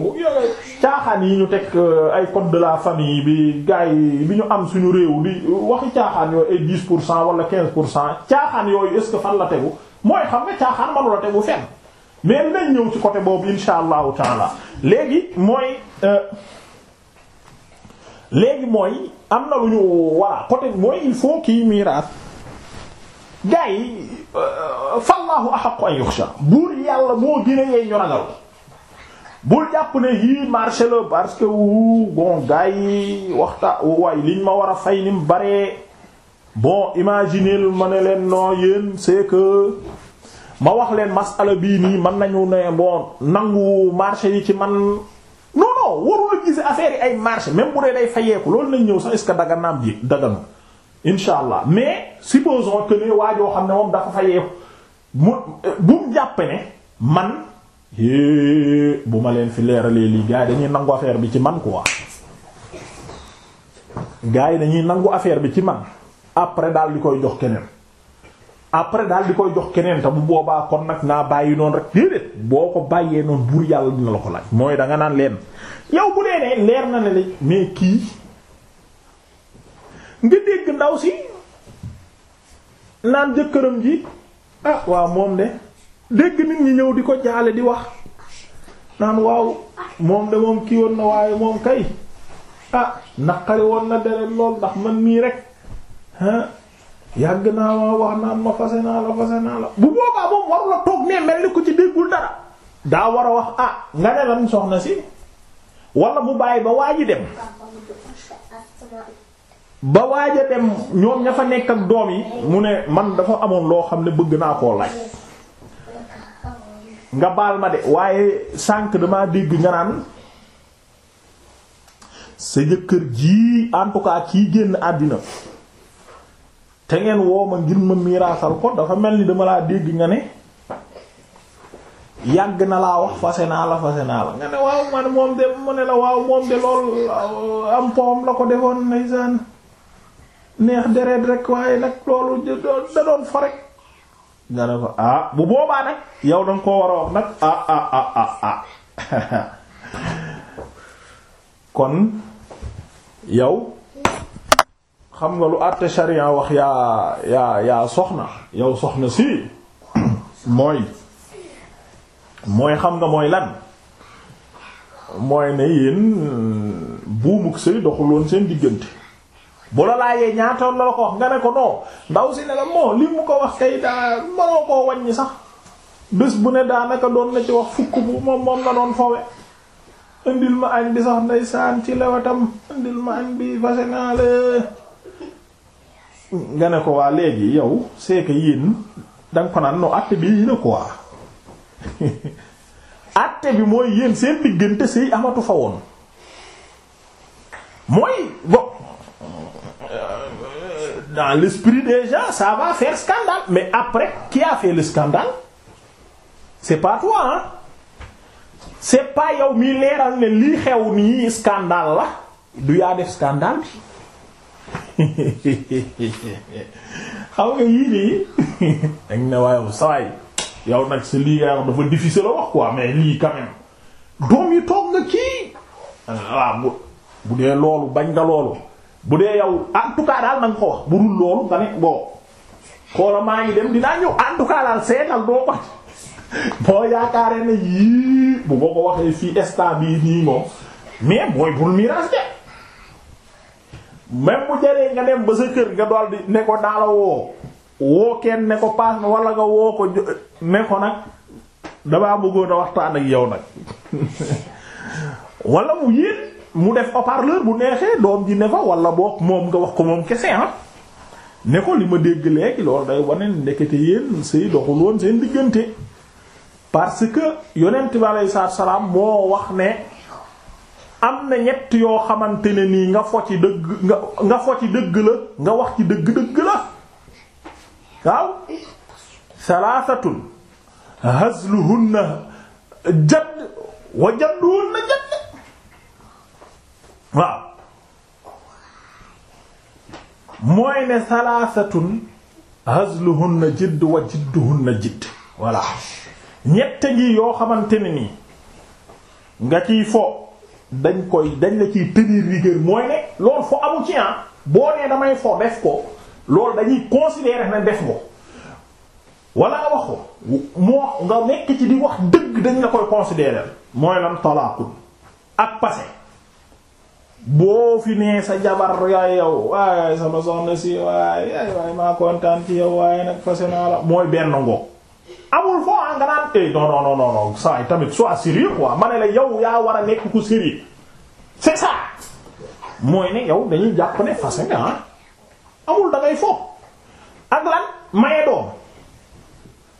caaxaan yi ñu teg euh, ay code de la famille bi gars yi bi ñu am suñu réew di euh, waxi caaxaan yooyu ay pour cent wala 15 pour cent caaxaan yooyu est-ce que fan la tegu mooy xam nga caaxaan manu la tegu fenn mais dinañ ñëw ci côté boobu insha allahu taala léegi mooy euh, léegi mooy am na lu ñu voilà côté mooy il kii miraas gars yi fallaahu ahaqqu an yukhsha buur yàlla moo gën a yey ñu ragal jàpp ne yii marché la parce que wu bon gars yi waxta waay liñ ma war a fay ni mu baree bon imaginer ma ne leen non yéen c'est que ma wax leen masala bii nii mën nañu ne bon nangu marché yi ci man non non warul a gise affaire yi ay marché même bu dee day fayeeku loolu lañ ñëw sax est-ce que daga incha allah mais supposons que ne waajoo xam ne moom dafa fa yeewu mu bu mu jàpp man bu ma leen fi leeralee lii gars yi dañuy nangu affaire bi ci man quoi gars yi dañuy nangu affaire bi ci man après daal di koy jox keneen après daal di koy jox keneen te bu boobaa kon nag naa bàyyi noonu rek déedéet boo ko bàyyee noonu buur yàlla dina la ko laaj. mooy da nga naan leen yow bu dee ne leer na ne mais kii. nga dégg ndaw si naan jëkkëram ji ah waaw moom de dégg nit ñi ñëw di ko jaale di wax naan waaw moom de moom kii woon na waaye moom kay ah naqari woon na deret lool ndax man mii rekk ah yàgg naa ma wax naan ma fase naa la fase naa la bu boobaa moom waru la toog ne mel ni ko ci déggul dara daa war a wax ah nga ne soxna si wala mu bàyyi ba waa ji dem ba waaj a dem ñoom ña fa nekk ak doom yi mu ne man dafa amoon loo xam ne bëgg naa koo laaj nga baal ma de waaye sànq damaa dégg nga naan sa jëkkër jii en tout cas kii génn àddina te ngeen woo ma ngir ma miraasal ko dafa mel ni dama laa dégg nga ne yàgg na laa wax fase naa la fase naa la nga ne waaw man moom de mu ne la waaw moom de lool am poom la ko defoon ndeysaan neex deret rek waaye nag loolu da doon fo rek nga ne ko ah bu boobaa nag yow danga koo war a wax nag ah, ah, ah, kon yow xam nga lu àtte sharia wax yaa yaa yaa soxna yow soxna si mooy mooy xam nga mooy lan mooy ne yéen buumug sëy doxuloon seen diggante bu la laajee ñaatoon la la ko wax nga ne ko non ndaw si ne la moo li mu ko wax kay daa mënoo koo wàññi sax bés bu ne daanaka doon na ci wax fukk bu moom moom la doon fowe ci lewatam nga ne ko waa léegi yow c'est que yéen danga ko naan àtte bi yii na quoi àtte bi mooy yéen seen diggante sëy amatu fa woon mooy bo Euh, dans l'esprit des gens ça va faire scandale mais après qui a fait le scandale c'est toi hein c'est pas yow mi leeral ne lii xew nii scandale la du yaa def scandale bi xam nga yii nii dañ ne waaye sawaay yow nag si lii nga wax dafa difficile wax quoi mais lii quand doom yi toog nga kii waaw ah, bu bu dee loolu bañ nga loolu bu dee yow en tout daal na nga ko wax bu dul loolu nga ne bon xoola maa ngi dem dinaa ñëw en tout cas daal seetal doo ko boo yaakaaree ne yii bu ko ko waxee fii instant bii nii moom mais mooy bul mirage de même bu jëree nga dem ba sa kër nga dool di ne ko daala woo woo kenn ne ko paas na wala nga woo ko ne ko nag damaa bëggoon a waxtaan ak yow nag wala mu yéen. mu def haut bu neexee doom ji ne fa wala boog moom nga wax ko moom kese ah ne ko li ma dégg léegi loolu day wane ndekete yéen sëy doxul woon seen diggante parce que yonent bi aleyhi salaatu salaam moo wax ne am na ñett yoo xamante ne nii nga ci dëgg la nga wax ci dëgg dëgg la waaw salaasatun hazluhunna jadd waaw mooy ne salaasatun hazluhunna jidd wa jidduhunna jidd voilà ñett gi yoo xamante ne nii nga ciy fo dañ koy dañ la ciy yi rigueur mooy ne loolu fo amu ci ah. boo nee damay fo def ko loolu dañuy considérer na def ko wala wax ko moo nga nekk ci di wax dëgg dañ la koy considérer mooy lan talaakul ak passé boo fi nee sa jabar yaay yow waaye sama soxna si waaye waaye maa kontaan ci yow waaye nag fase naa la mooy benn ngo amul foo ah nga naan eh non non non non non saa yi tamit sois sérieux quoi ma ne la yow yaa war a nekk ku sérieux c'est ça mooy ne yow dañuy jàpp ne fase nga ah amul da ngay fo ak lan maye doom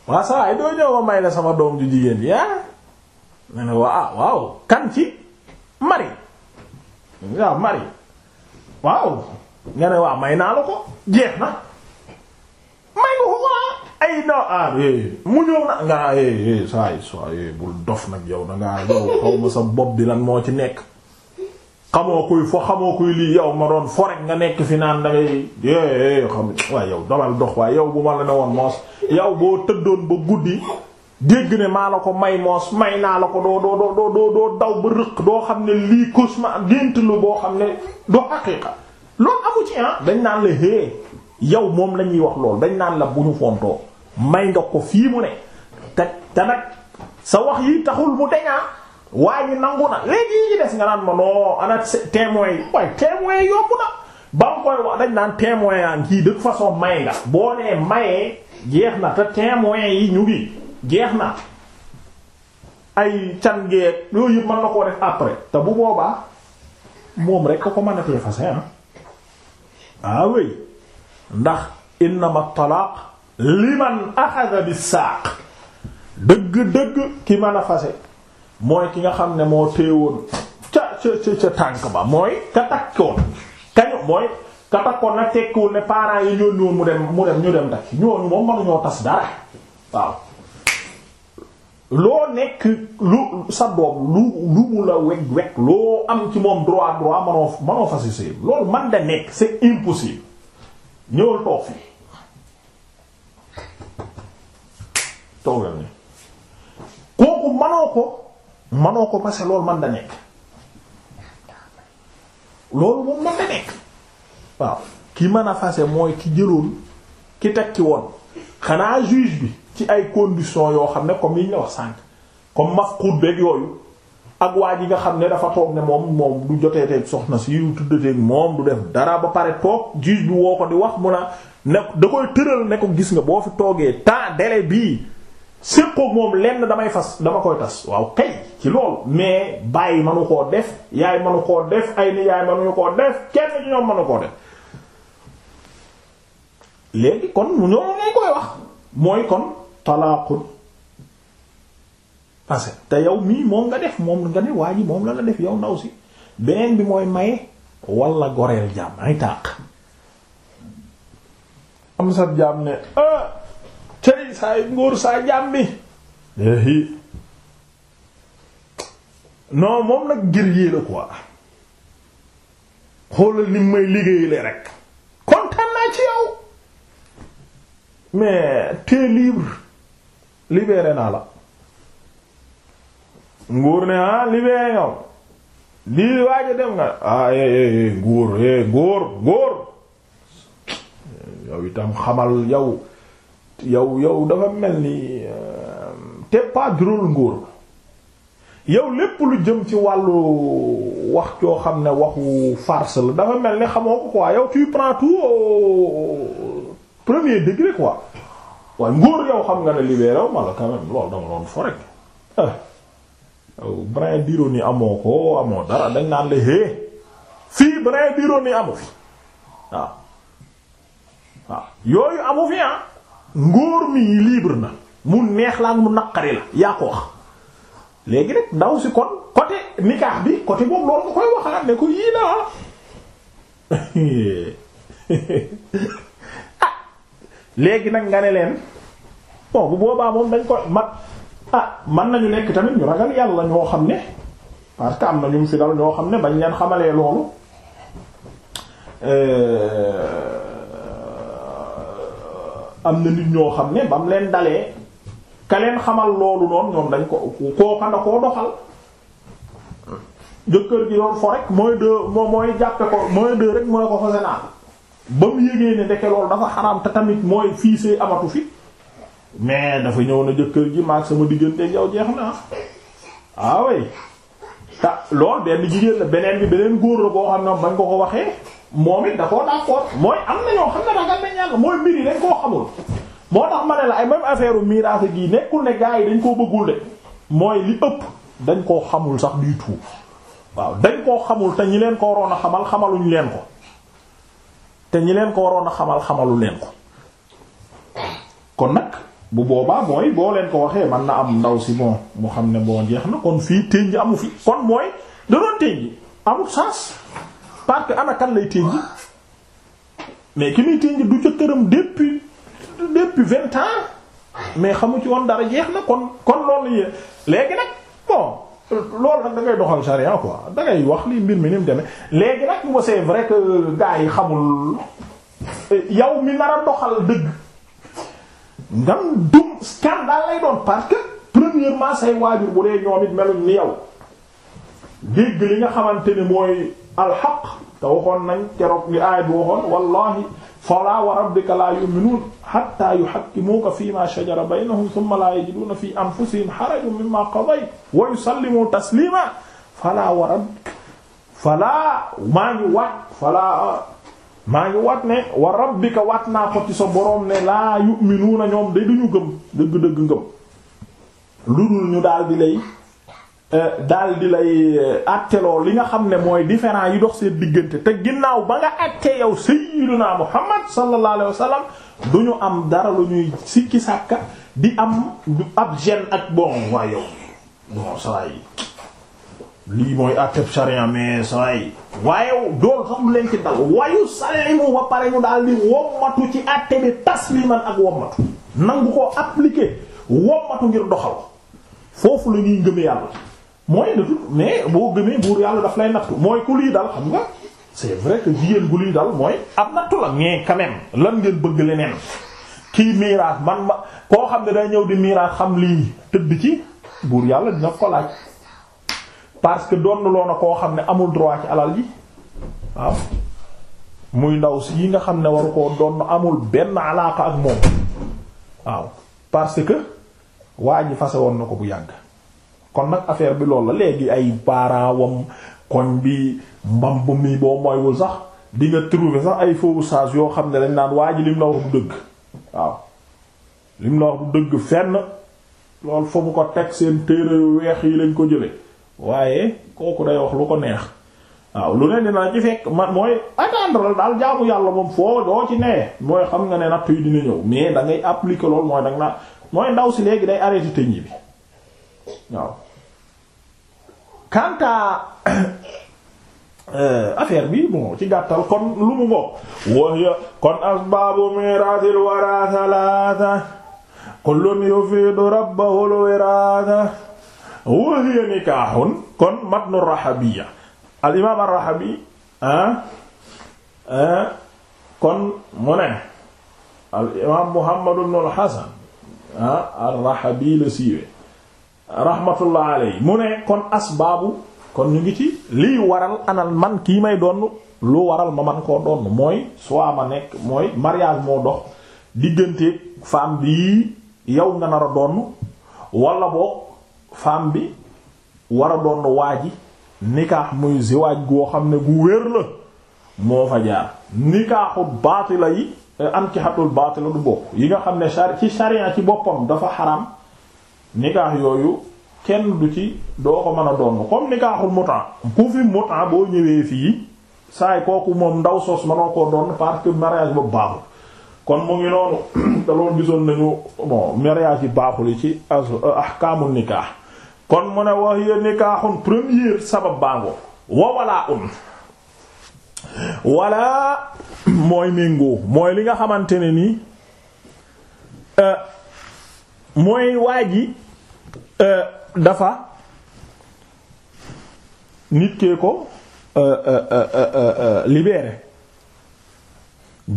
waaw saa yi doo ñëw ma may la sama doom ju jigéen bi ah ma ne waaw waaw kan ci mari waaw mari waaw nga ne waaw may naa la ko jeex na may nga ko ko ah. ay no ah eh, mu ñëw na nga eh, eh, saay saay bul dof nag yow da yow xaw sa bopp bi lan moo ci nekk xamoo kuy fo xamoo kuy lii yow ma doon fo rek nga nekk fi naan da ngay xam waaye yow dabal dox waaye yow bu ma la ne woon moos yow boo tëddoon ba guddi dégg ne maa la ko may moos may naa la ko doo doo doo doo doo daw ba rëq doo xam ne lii cosma gént lu boo xam ne doo xaqiiqa loolu amu ci ah dañ naan la hé yow moom la ñuy wax lool dañ naan la bu ñu fontoo may nga ko fii mu ne te te nag sa wax yi taxul mu deñaa ah. waaye nangu na léegi yi des nga naan ma non ana témoin yi waaye témoin yombu na ba mu koy wax dañ naan témoin yaa ngi de toute façon may nga boo nee mayee jeex na te témoin yi ñu ngi. jeex na ay can geeg yooyu yëpp mën na koo def après te bu boobaa moom rek a ko mën a tee fase ah ah oui ndax innama talaaq liman axada bi saaq dëgg-dëgg ki mën a fase mooy ki nga xam ne moo téewoon ca ca ca ca tànk ba mooy ka takkoon kañu mooy ka nag tekkiwul ne parents yi ñoo ñëwoon mu dem mu dem ñu dem takk ñooñu moom mënuñoo tas dara waaw loo nekk lu sa doom lu lu mu la weg weg loo am ci moom droit droit manoo manoo fa si sëy loolu man da nekk c'est impossible ñëwal toog fi toogal ni kooku manoo ko manoo ko parce loolu man da nekk loolu moom man da nekk waaw ki mën a fase mooy ki jëloon ki takki woon xanaa juge bi ci ay conditions yoo xam ne comme yi ñu wax sànq comme mafqud beeg yooyu ak waa ji nga xam ne dafa toog ne moom moom du jotee teg soxna si yu tuddateeg moom du def dara ba pare toog juge bi woo ko di wax mu na ne da koy tëral ne ko gis nga boo fi toogee temps délai bi séqoog moom lenn damay fas dama koy tas waaw kay ci loolu mais bàyyi manu koo def yaay manu koo def ay ni yaay manuñu koo def kenn ci ñoom manu koo def léegi kon ñoom ñoo koy talaaqul ase te yow mii moom nga def moom nga moom la def yow ndaw si beneen bi mooy maye wala goreel jaam ay tàq am sa jaam ne ah cëy saa ngóor saa jaam bi non moom nag guerrier la quoi xoolal ni may liggéeyale rek kontaan naa ci yow mais t'es libre libéré naa la nguur ne ah libéré nga ah eh, eh, eh, nguur nguur nguur yow itam xamal yow yow yow dafa mel ni euh, te pas nguur yow lépp lu jëm ci wàllu wax joo xam ne waxu farce la dafa mel ni xamoo ko quoi yow tu prends tout au premier degré quoi. waaye ngóor yow xam nga ne libéré wu ma la quand loolu dama doon fo rek ah brin d'ironie amoo ko amoo dara dañ naan la hé fii brin d'ironie amu fi waaw ah. ah. yooyu amu fi ah ngóor mi libre na mu neex la mu naqari la yaa ko wax léegi rek ndaw si kon côté nikaax bi côté boobu loolu nga koy waxaat ah, ne ko yii la léegi nag nga ne leen bon bu boobaa moom dañ ko mat ah man nañu lekk tamit ñu ragal yàlla ñoo xam ne parce que am na ñu fi dal ñoo xam ne bañ leen xamalee loolu euh, am na nit ñoo xam ne bam leen dalee ka leen xamal loolu noonu ñoom dañ ko kooka na koo doxal jëkkër ji doon fo rek mooy de mooy jàppe ko mooy de rek ko fase naa ba mu yégee ne ndeke lool dafa xaraam te tamit mooy fii say amatu fi mais dafa ñëw na jëkkër ji maag sama diggante yow jeex na ah oui te loolu benn jigéen la beneen bi beneen góor la boo xam ne bañ ko ko waxee moom it d'accord d'accord mooy am na ñoo xam ne ragal nañ yàlla mooy mbir yi dañ koo xamul. moo tax ma ne la ay même affaire miraas gi nekkul ne gars yi dañ koo bëggul de mooy li ëpp dañ koo xamul sax du tout waaw dañ koo xamul te ñi leen ko waroon a xamal xamaluñ leen ko. te ñi leen ko waroon a xamal xamalu leen ko kon nag bu boobaa mooy boo leen ko waxee man na am ndaw si moom mu xam ne boo jeex na kon fii ténj amu fi kon mooy da doon ténj amul sens parce que ana kan lay ténj mais ki muy ténj du jëkkëram depuis depuis vingt ans mais xamu ci woon dara jeex na kon kon loolu yéen léegi nag bon loolu nag da ngay doxal charia quoi da ngay wax lii mbir mi ni mu demee léegi nag mo c'est vrai que gars yi xamul yow mi nar a doxal dëgg ngam dum scandale lay doon parce que premièrement say waajur bu dee ñoom it meluñ ni yow dégg li nga xamante ne mooy alxaq te waxoon nañ keroog li aay bi waxoon wallahi falaa wa rabbika laa yu'minuun hattaa yuhakkimuuka fiimaa shajara baynahum thumma laa yajiduuna fii anfusihim harajan mimmaa qadayta wa yusallimuu tasliimaa falaa wa rabbika falaa maa ngi waat falaa maa ngi waat ne wa rabbika waat naa ko ci sa boroom ne laa yu'minuuna ñoom day duñu gëm dëgg-dëgg ngëm lu dul ñu daal di lay Euh, daal di lay euh, atteloo li nga xam ne mooy différent yi dox seen diggante te ginnaaw ba nga atte yow sayyiduna Muhammad sallallahu alayhi wasallam du ñu am dara lu ñuy sikki sàkk di am du ab gene ak bon waaye yow bon saa lii mooy atteb sharia mais saa yi waaye dool sax mu leen ci dal wayu salimu ba pare ñu daal di wommatu ci atte bi tasliman ak wommatu nangu ko appliquer wommatu ngir doxal foofu la ñuy ngëm yàlla mooy de tout buur yàlla daf lay nattu mooy ku lii dal xam nga c'est vrai que jigéen gu lii dal mooy am nattu la mais quand lan ngeen bëgg leneen kii miraas man ma koo xam ne day ñëw di miraas xam lii tëdd ci buur yàlla dina ko laaj parce que doon loo na koo xam ne amul droit ci alal ji waaw muy ndaw si yi nga xam ne waru ko doon amul benn alaaka ak moom waaw parce que waa ji fase woon na ko bu yàgg. kon nag affaire bi loolu la léegi ay parents wam koñ bi mbam mi boo mooywul sax di nga sax ay faux sages yoo xam ne dañ naan waa ji lim la wax du dëgg waaw lim la wax du dëgg fenn loolu fa mu ko teg seen téere yu weex yi lañ ko jële waaye kooku day wax lu ko neex waaw lu ne dina ci fekk man mooy attendre la daal jaamu yàlla moom foo doo ci nee mooy xam nga ne natt yi dina ñëw mais dangay ngay appliquer loolu mooy da naa mooy ndaw si léegi day arrêté tëñ bi waaw quant à euh, affaire bi bon ci gàttal kon lu mu ngo waya kon asbaabu mirathil wara thalatha kullun yufidu rabbahu alwiratha wa hiya nikahun kon matnu rahabiyya al imam ar-rahabi ah, ah, kon mu ne al imam muhammad ibn al hasan ah, ar-rahabi la siiwe rahmatullah alay mu ne kon asbaabu kon ñu ngi ci lii waral anal man kii may doon lu waral ma man koo donn mooy soit a nekk mooy mariage moo dox diggante femme bi yow nga nar a doon walla boo femme bi war a doon waaji nikaax muy ziwaaj goo xam ne gu wér la moo fa jaar nikaaxu baatila yi eh, am ci xatul baatila du bokk yi nga xam ne ci sharia ci boppam dafa xaram nikaax yooyu kenn du ci doo ko mën a doon comme nikaaxul muta ku fi muta boo ñëwee fii saay kooku moom ndaw sos mënoo koo doon parce que mariage ba baaxul kon mu ngi noonu te loolu nañu bon yi baaxul ci euh, ahkaamul nikaax kon mu ne wax sabab baango wa walaa mooy li nga xamante ne nii euh, mooy waaj yi Euh, dafa nit kee ko euh, euh, libéré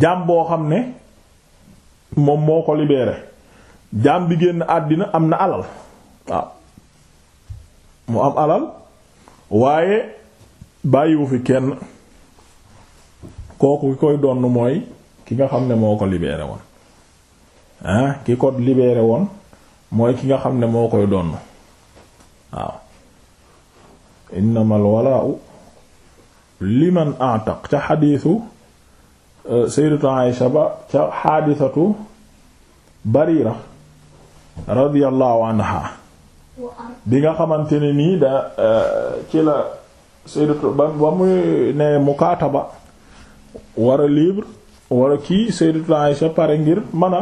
jaam boo xam ne moom moo ko libéré jaam bi génn àddina am na alal mu am alal waaye bàyyiwu fi kenn kooku ki koy donn mooy ki nga xam ne moo ko libéré woon ah ki ko libéré woon mooy ki nga xam ne moo koy donn waaw innamal walaa'u liman a'taq ca xadiisu euh, sayyidatu Aysha ba ca xaadisatu Barira radiyallahu anha bi nga xamante ne nii da euh, ci la sayyidatu ba ba muy ne mukaataba war a libre war a kii sayyidatu Aysha pare ngir mën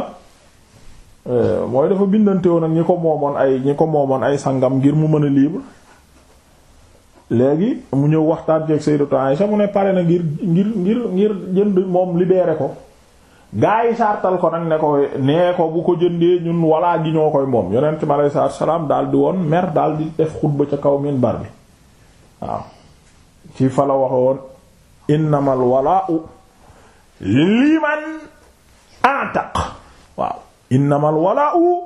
Eh, mooy dafa bindante woon ak ñi ko moomoon ay ñi ko ay sangam ngir mu mën a libre léegi mu ñëw waxtaan jeeg Sayyidatu Aisha mu ne pare na ngir ngir ngir ngir jënd moom libeere ko gaa yi sartal ko nag ne ko nee ko bu ko jëndee ñun walaa gi ñoo koy moom yonent mi salaam daal di woon mer dal di def xutba ca kaw minbar bi waaw ci fa la waxe woon innamal walaa'u liman waaw innamal walaa'u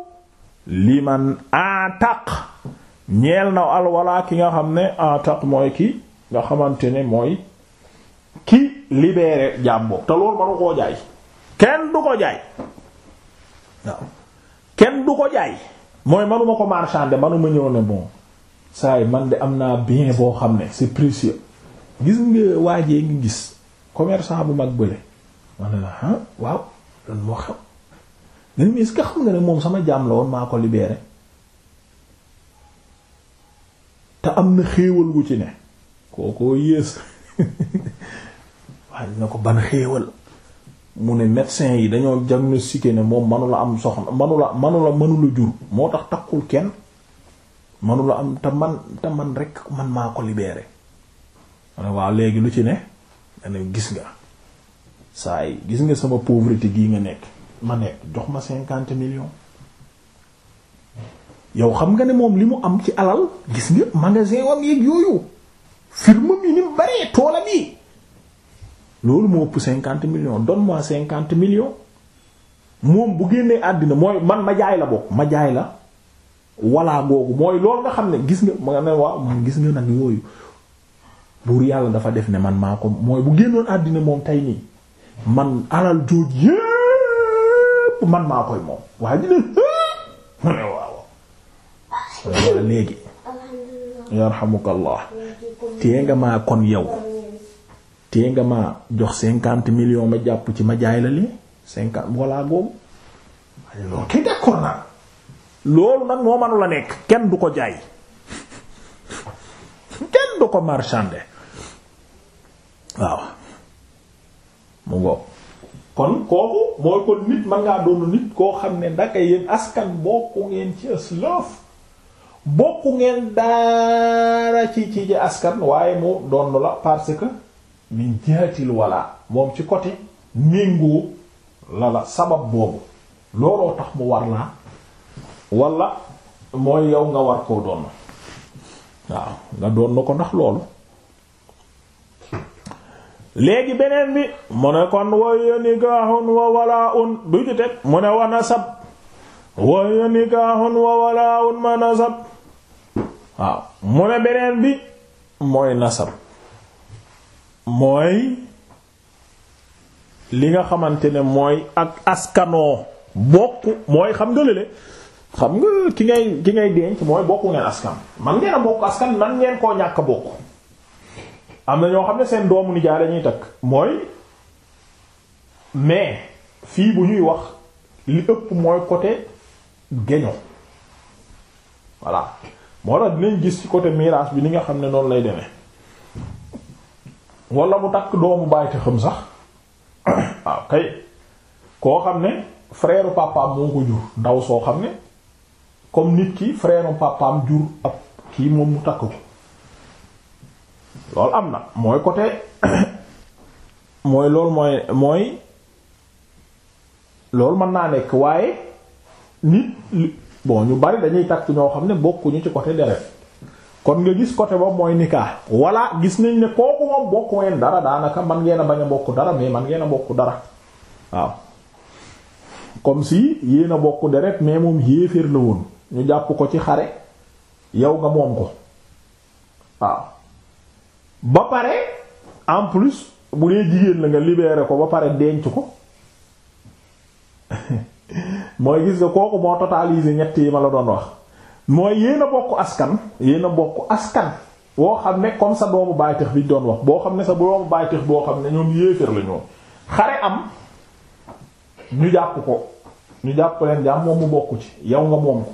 liman ataq ñeel na al walaa ki nga xam ne en ataq mooy ki nga xamante ne mooy ki libéré jàmboo te loolu manu koo jaay kenn du ko jaay waaw kenn du ko jaay mooy manuma ko marchander manuma ñëw ne bon saay man de am naa bien boo xam ne c'est précieux gis nga waajee ngi gis commerçant bu mag bële man la ah waaw lan moo xam mais est-ce que xam nga ne moom sama jaam la woon maa ko libéré te am na xéewal gu ci ne kookoo yées waaye na ko ban xéewal mu ne médecin yi dañoo diagnostiqué ne moom manula am soxna manula manula manula jur moo tax takkul kenn manula am te man te man rek man maa ko libéré waaw léegi lu ci ne ne gis nga saa yi gis nga sama pauvreté gii nga nekk ma ne jox ma cinquante millions yow xam nga ne moom li mu am ci alal gis nga magasin wam yeeg yooyu firme mi ni mu baree toolam yi loolu moo ëpp cinquante millions donne-moi cinquante millions moom bu génnee àddina mooy man ma jaay la bokk ma jaay la walaa googu mooy loolu nga xam ne gis nga ma ne waaw man gis nga nag yooyu buur yàlla dafa def ne man maa ko mooy bu génnoon àddina moom tey nii man alal jooj yépp lépp man maa koy moom waa ji ne mu ne waaw waaw léegi yarhamukallah tee nga maa kon yow tee nga maa jox cinquante millions ma jàpp ci ma jaay la li cinquante walla googu waaye loolu kay loolu nag moo mënula nekk kenn du ko jaay kenn du ko marchander waaw mu ngoog kon kooku mooy kon nit man ngaa doon nit koo xam ne ndaka yéen askan bokku ngeen ci aslaf bokku ngeen daara ci ci askan waaye mu doon la parce que min jaatil walla moom ci côté méngoo la la sabab boobu looloo tax mu war laa wala mooy yow nga war koo doon waaw nga doon na ko ndax loolu léegi beneen bi mu ne kon waya nikaahun wa walaaun bu ci teg mu ne wa nasab waaw mu ne beneen bi mooy nasab mooy li nga xamante ne mooy ak askanoo bokk mooy xam nga lële xam nga ki ngay ki ngay denc mooy bokku ngeen askan man ngeen a bokk askan man ngeen koo ñàkk a bokk am na ñoo xam ne seen doomu nijaay ñuy takk mooy mais fii bu ñuy wax li ëpp mooy côté geño voilà moo tax dinañ gis ci côté miraas bi ni nga xam ne noonu lay demee wala mu takk doomu bàyyi te xam sax waaw kay koo xam ne frère papaam moo ko jur ndaw soo xam ne comme nit ki frère papaam jur ab kii moom mu takk ko loolu am na mooy côté mooy loolu mooy mooy loolu mën naa nekk waaye nit bon ñu bari dañuy takk ñoo xam ne bokkuñu ci côté deret kon nga gis côté boobu mooy nikaa walla gis nañ ne kooku moom bokk ngeen dara daanaka man ngeen a bañ a bokk dara mais man ngeen a bokk dara waaw comme si yéen a bokk deret mais moom yéeféer la woon ñu jàpp ko ci xare yow nga moom ko waaw ba pare en plus bu dee jigéen la nga libeere ko ba pare denc ko mooy gis nga kooku moo totalisé ñett yi ma la doon wax mooy yéen a bokk askan yéen a bokk askan boo xam ne comme sa doomu baaytex bi doon wax boo xam ne sa doomu baaytex boo xam ne ñoom yéeféer la ñoom xare am ñu jàpp ko ñu jàpp leen jàpp moom mu bokk ci yow nga moom ko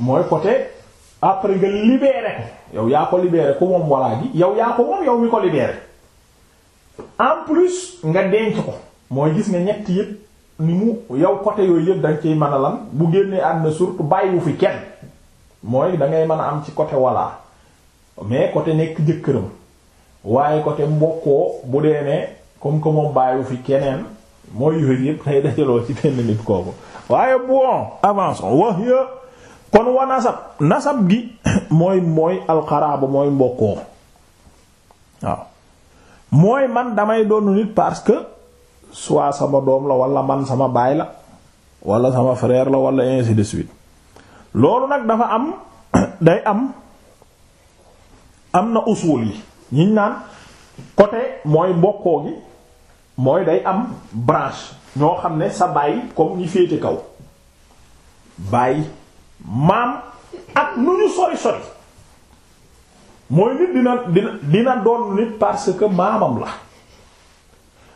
mooy côté après nga libéré ko yow yaa ko libéré ku moom walaa gi yow yaa ko moom yow mi ko libéré en plus nga denc ko mooy gis nga ñett yépp ni mu yow côté yooyu yépp danga ciy mën a lan bu génnee am na surtout bàyyiwu fi ken mooy da ngay mën a am ci côté walaa mais côté nekk jëkkëram waaye côté mbokkoo bu dee ne comme que moom bàyyiwu fi keneen mooy yooyu yépp day dajaloo ci benn nit kooku waaye bon avançons wax ya kon wa nasab nasab gi mooy mooy alxaraaba mooy mbokkoo waaw mooy man damay doon nit parce que soit sama doom la wala man sama baay la walla sama frère la wala ainsi de suite loolu nag dafa am day am am na usul yi ñiñ naan côté mooy mbokkoo gi mooy day am branche ñoo xam ne sa baay comme ñi féete kaw baay maam ak nu ñu sori sori mooy nit dina dina dina doon nit parce que maamam la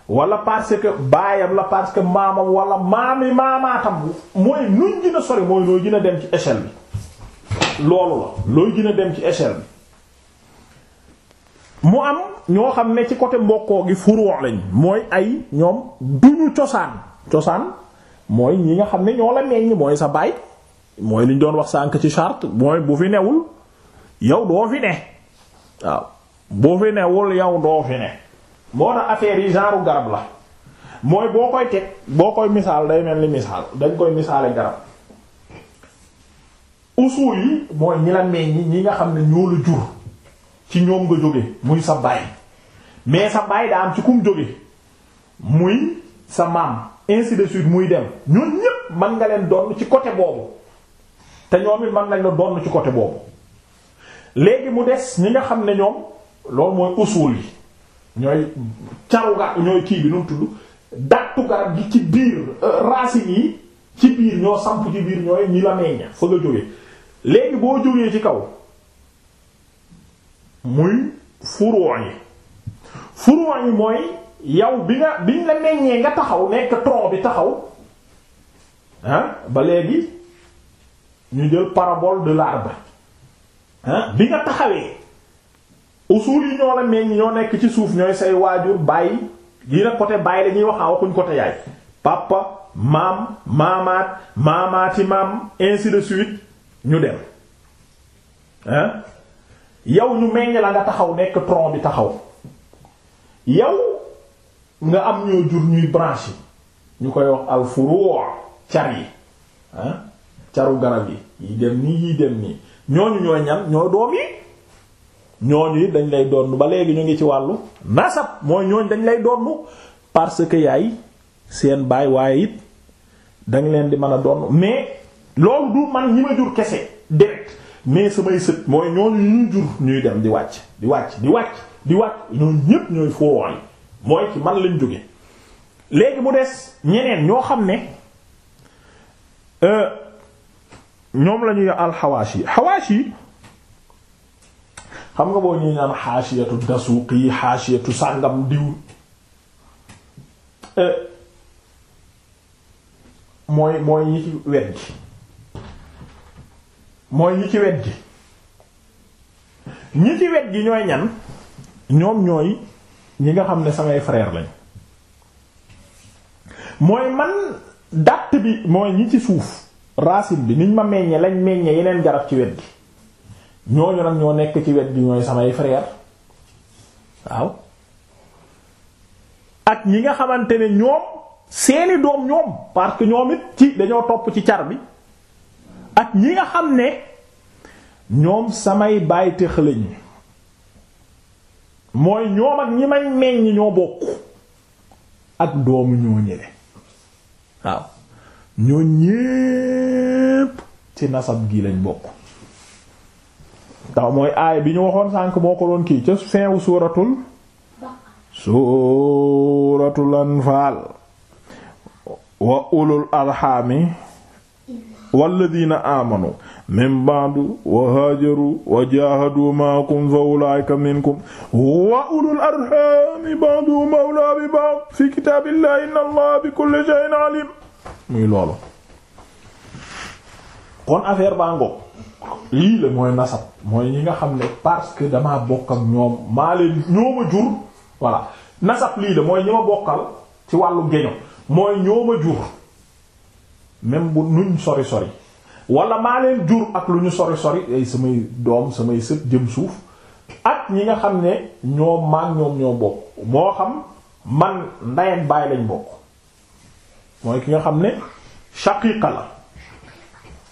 wala parce que baayam la parce que maamam walla maami maamaatam mooy nuñ gën a sori mooy looy gën a dem ci échelle bi loolu la looy gën a dem ci échelle bi mu am ñoo xam ne ci côté mbokkoo gi furoo lañ mooy ay ñoom duñu cosaan cosaan mooy ñi nga xam ne ñoo la meññ mooy sa baay mooy liñ doon wax sànk ci charte mooy bu fi newul yow doo fi ne waaw boo fi newul yow doo fi ne moo tax affaire yi genre garab la mooy boo koy teg boo koy misaal day mel ni misaal dañ koy misaale garab usul yi mooy ñi la meññ ñi nga xam ne ñoo la jur ci ñoom nga jóge muy sa baay mais sa baay daa am ci kum jóge muy sa maam ainsi de suite muy dem ñun ñépp mën nga leen doon ci côté boobu te ñoom it mën nañ la doon ci côté boobu léegi mu des ñi nga xam ne ñoom loolu mooy usul yi ñooy caru ga ñooy kii bi nu tudd dattu garab gi ci biir euh, racines yi ci biir ñoo samp ci biir ñooy ñi la meñña fa nga jógee léegi boo jógee ci kaw muy furoo yi furoo yi mooy yow bi nga biñ la meññee nga taxaw nekk tronc bi taxaw ah ba léegi ñu jël parabole de l'arbre hein bi nga taxawee usul yi ñoo la meññ ñoo nekk ci suuf ñooy say waajur bàyyi yi nag côté bàyyi dañuy wax ah, waxuñ côté yaay papa maam maamaat maamaati maam ainsi de suite ñu dem yow ñu meññ la nga taxaw nekk tronc bi taxaw yow nga am ñoo jur ñuy branche ñu koy wax aw furu' car yi caru garab yi yi dem nii yi dem nii ñooñu ñooy ñan ñoo doom yi ñooñu yi dañ lay donn ba léegi ñu ngi ci wàllu nasab mooy ñooñ dañ lay donn parce que yaay seen baay waaye it dañ leen di mën a donn mais loolu du man ñi ma jur kese direct mais samay sët mooy ñooñu ñu jur ñuy dem di wàcc di wàcc di wàcc di wàcc ñooñu ñépp ñooy foowaay mooy ci man lañ jóge léegi mu des ñeneen ñoo xam ne euh, ñoom la ñuy alxawaas yi xawaas yi xam nga boo ñuy naan xaasiyatu dasuuqi xaasiyatu sàngam diw eh, mooy mooy ñi ci wet gi mooy ñi ci wet gi ñi ci ñooy ñan ñoom ñooy ñi nga xam ne samay frère lañ mooy man dàtt bi mooy ñi ci suuf racine bi niñ ma meññee lañ meññee yeneen garab ci wet gi ñooñu nag ñoo nekk ci wet gi ñooy samay frère waaw ak ñi nga xamante ne ñoom seeni doom ñoom parce que ñoom it ci dañoo topp ci car bi ak ñi nga xam ne ñoom samay baay tëx lañ mooy ñoom ak ñi may meññ ñoo bokk ak doomu ñoo ñële waaw ñoo ñépp ci nasab gi lañ bokk taw mooy aaya bi ñu waxoon sànk moo ko doon kii ca feewu suuratul suuratul anfaal wa ulul arxaami walladina amanu min ba'du wa haajaru wa jaahadu maakum fa ulaa'ika minkum wa ulul arxaami ba'du mawlaa bi ba'd fi kitaabillahi inna allaha bi kulli shay'in aliim muy loolu kon affaire baa ngoog lii la mooy nasab mooy ñi nga xam ne parce que damaa bokk ak ñoom maa leen ñoo ma jur voilà nasab lii la mooy ñi ma bokkal ci wàllu geño mooy ñoo ma jur même bu nuñ sori sori walla maa leen jur ak lu ñu sori sori ay samay doom samay sët jëm suuf ak ñi nga xam ne ñoom maan ñoom ñoo bokk moo xam man ndey ak lañ bokk mooy ki nga xam ne shaqiqa la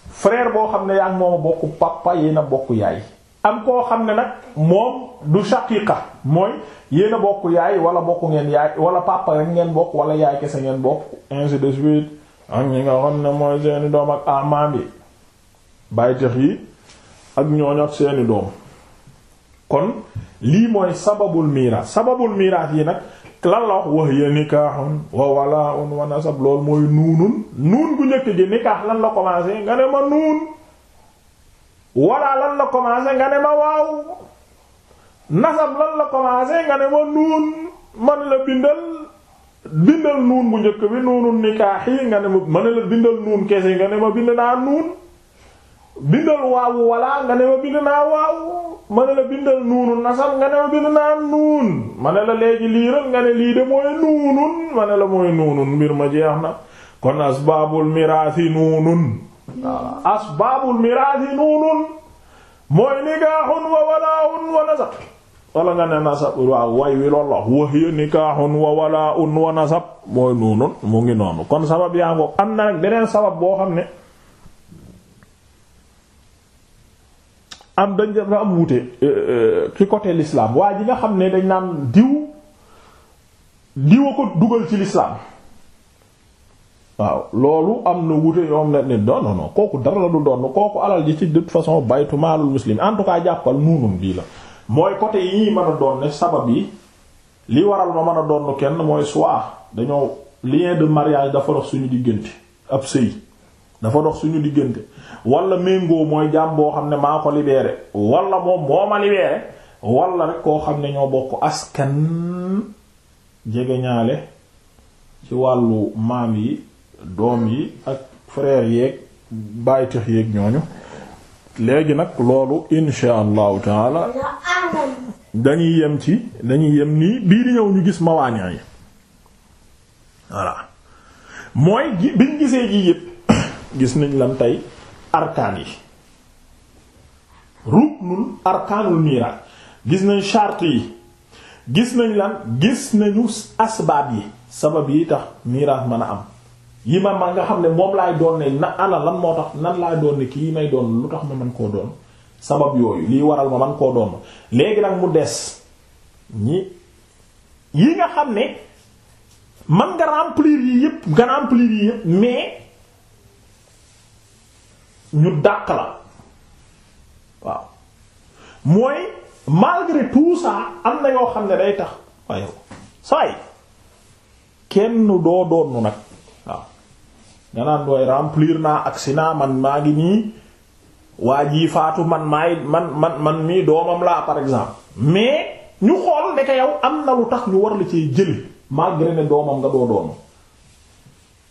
frère boo xam ne yaa moo bokk papa yéen a bokk yaay am koo xam ne nag moom du shaqiqa mooy yéen a bokk yaay wala bokk ngeen yaay wala papa ngeen bokk wala yaay kese ngeen bokk ainsi de suite ak ñi nga xam ne mooy seeni doom ak amaam yi baytex yi ak ñooñu seeni doom kon lii mooy sababul miraas sababul miraas yi nag lan la wax wa hiya nikahun wa wala'un wa nasab loolu mooy nuunun nuun bu njëkk ji nikah lan la commencé nga ne ma nuun la commencé nga ne ma la ne la bindal bindal nuun bu njëkk bi nuunul nikaax yi nga ne ma man la bindal nuun kese nga ne ma bind naa nuun bindal waawu wala nga ne ma bind naa waaw ma ne la bindal nuunu nasab nga ne ma bind naa nuun ma ne la léegi liiral nga ne lii de mooy nuunun ma ne la mooy nuunun mbir ma jeex na kon asbaabul miraasi nuunun asbaabul miraasi nuunun mooy nikaaxun wa walaa'un wa nasab wala nga ne nasab waaw way wi loolu la wa nikaaxun wa walaa'un wa nasab mooy nuunun mu ngi noonu kon sabab yaa ngoog am na nag beneen sabab boo xam ne am dañ dafa am wuute euh, euh, ci côté lislaam waa ji nga xam ne dañ naan diw diwa ko dugal ci l'islam waaw loolu am na wuute yoo xam ne non doon non kooku dara la du doon kooku alal ji ci de façon baytu maalul muslim en tout cas jàppal nuunum bii la mooy côté yi mën a doon ne sabab yi li waral ma mën a doon kenn mooy soit dañoo lien de mariage dafa dox suñu diggante ab sëy dafa dox suñu diggante walla méngoo mooy jaam boo xam ne maa ko libéré wala moom moo ma libéré wala rek koo xam ne ñoo bokk askan jege ci wàllu maam yi doom yi ak frère yeeg bàytix yeeg ñooñu léegi nag loolu insha allahu taala dañuy yem ci dañuy yem nii bii ñëw ñu gis mawaaña yi voilà mooy biñ gisee ji yépp gis nañ lan tey arkaan yi ruknul arkaanul miraas gis nañ charte yi gis nañ lan gis nañu asbaab yi sabab yi tax miraas mën a am yi ma ma nga xam ne moom laay doon ne na ana lan moo tax nan laay doon ne kii may doon lu tax ma mën koo doon sabab yooyu lii waral ma mën koo doon léegi nag mu des ñi yi nga xam ne man nga remplir yi yépp nga remplir yi yépp mais ñu dàq la waaw mooy malgré tout ça am na yoo xam ne day tax waaye saay kenn doo doon nag waaw nga naan dooy remplir naa agsi naa man maa ngi nii waa yi faatu man maay man man mii doomam laa par exemple mais ñu xool ndeke yow am na lu tax ñu war la ci jëli malgré ne doomam nga doo doon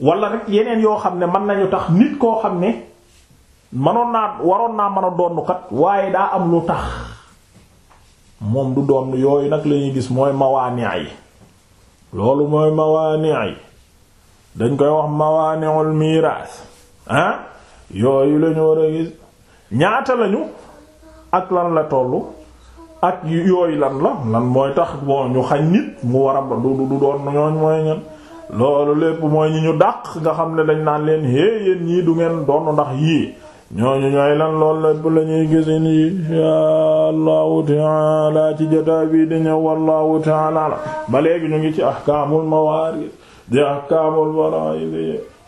wala rek yeneen yoo xam ne mën nañu tax nit koo xam ne manoon naa waroon naa mën a donn kat waaye daa am lu tax moom du donn yooyu nag lañuy gis mooy mawaani yi loolu mooy mawaani yi dañ koy wax mawaaniul miiraas ah yooyu lañu war a gis ñaata lañu ak lan la tollu ak yooyu lan la lan mooy tax bon ñu xañ nit mu war a du du doon ñooñ mooy ñan loolu lépp mooy ñi ñu dàq nga xam ne lañ naan leen é yéen ñii du ngeen doon ndax yii ñooñu ñooy lan lool lépp la ñuy gis inshaa allahu taala ci jotaay bii di ñëw wallahu taala ba léegi ñu ngi ci ahkaamul mawaaris di ahkaamul faraa'id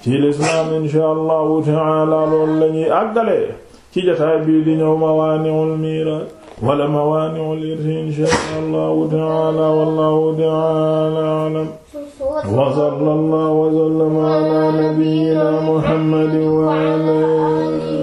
ci lislaam inshaa allahu taala lool la ñuy àggalee ci jotaay bii di ñëw mawaani'ul miiraas wala mawaani'ul irs inshaa allahu taala wallahu taala a'lam wa sallallahu wa sallama ala nabiyyina muhammadin wa ala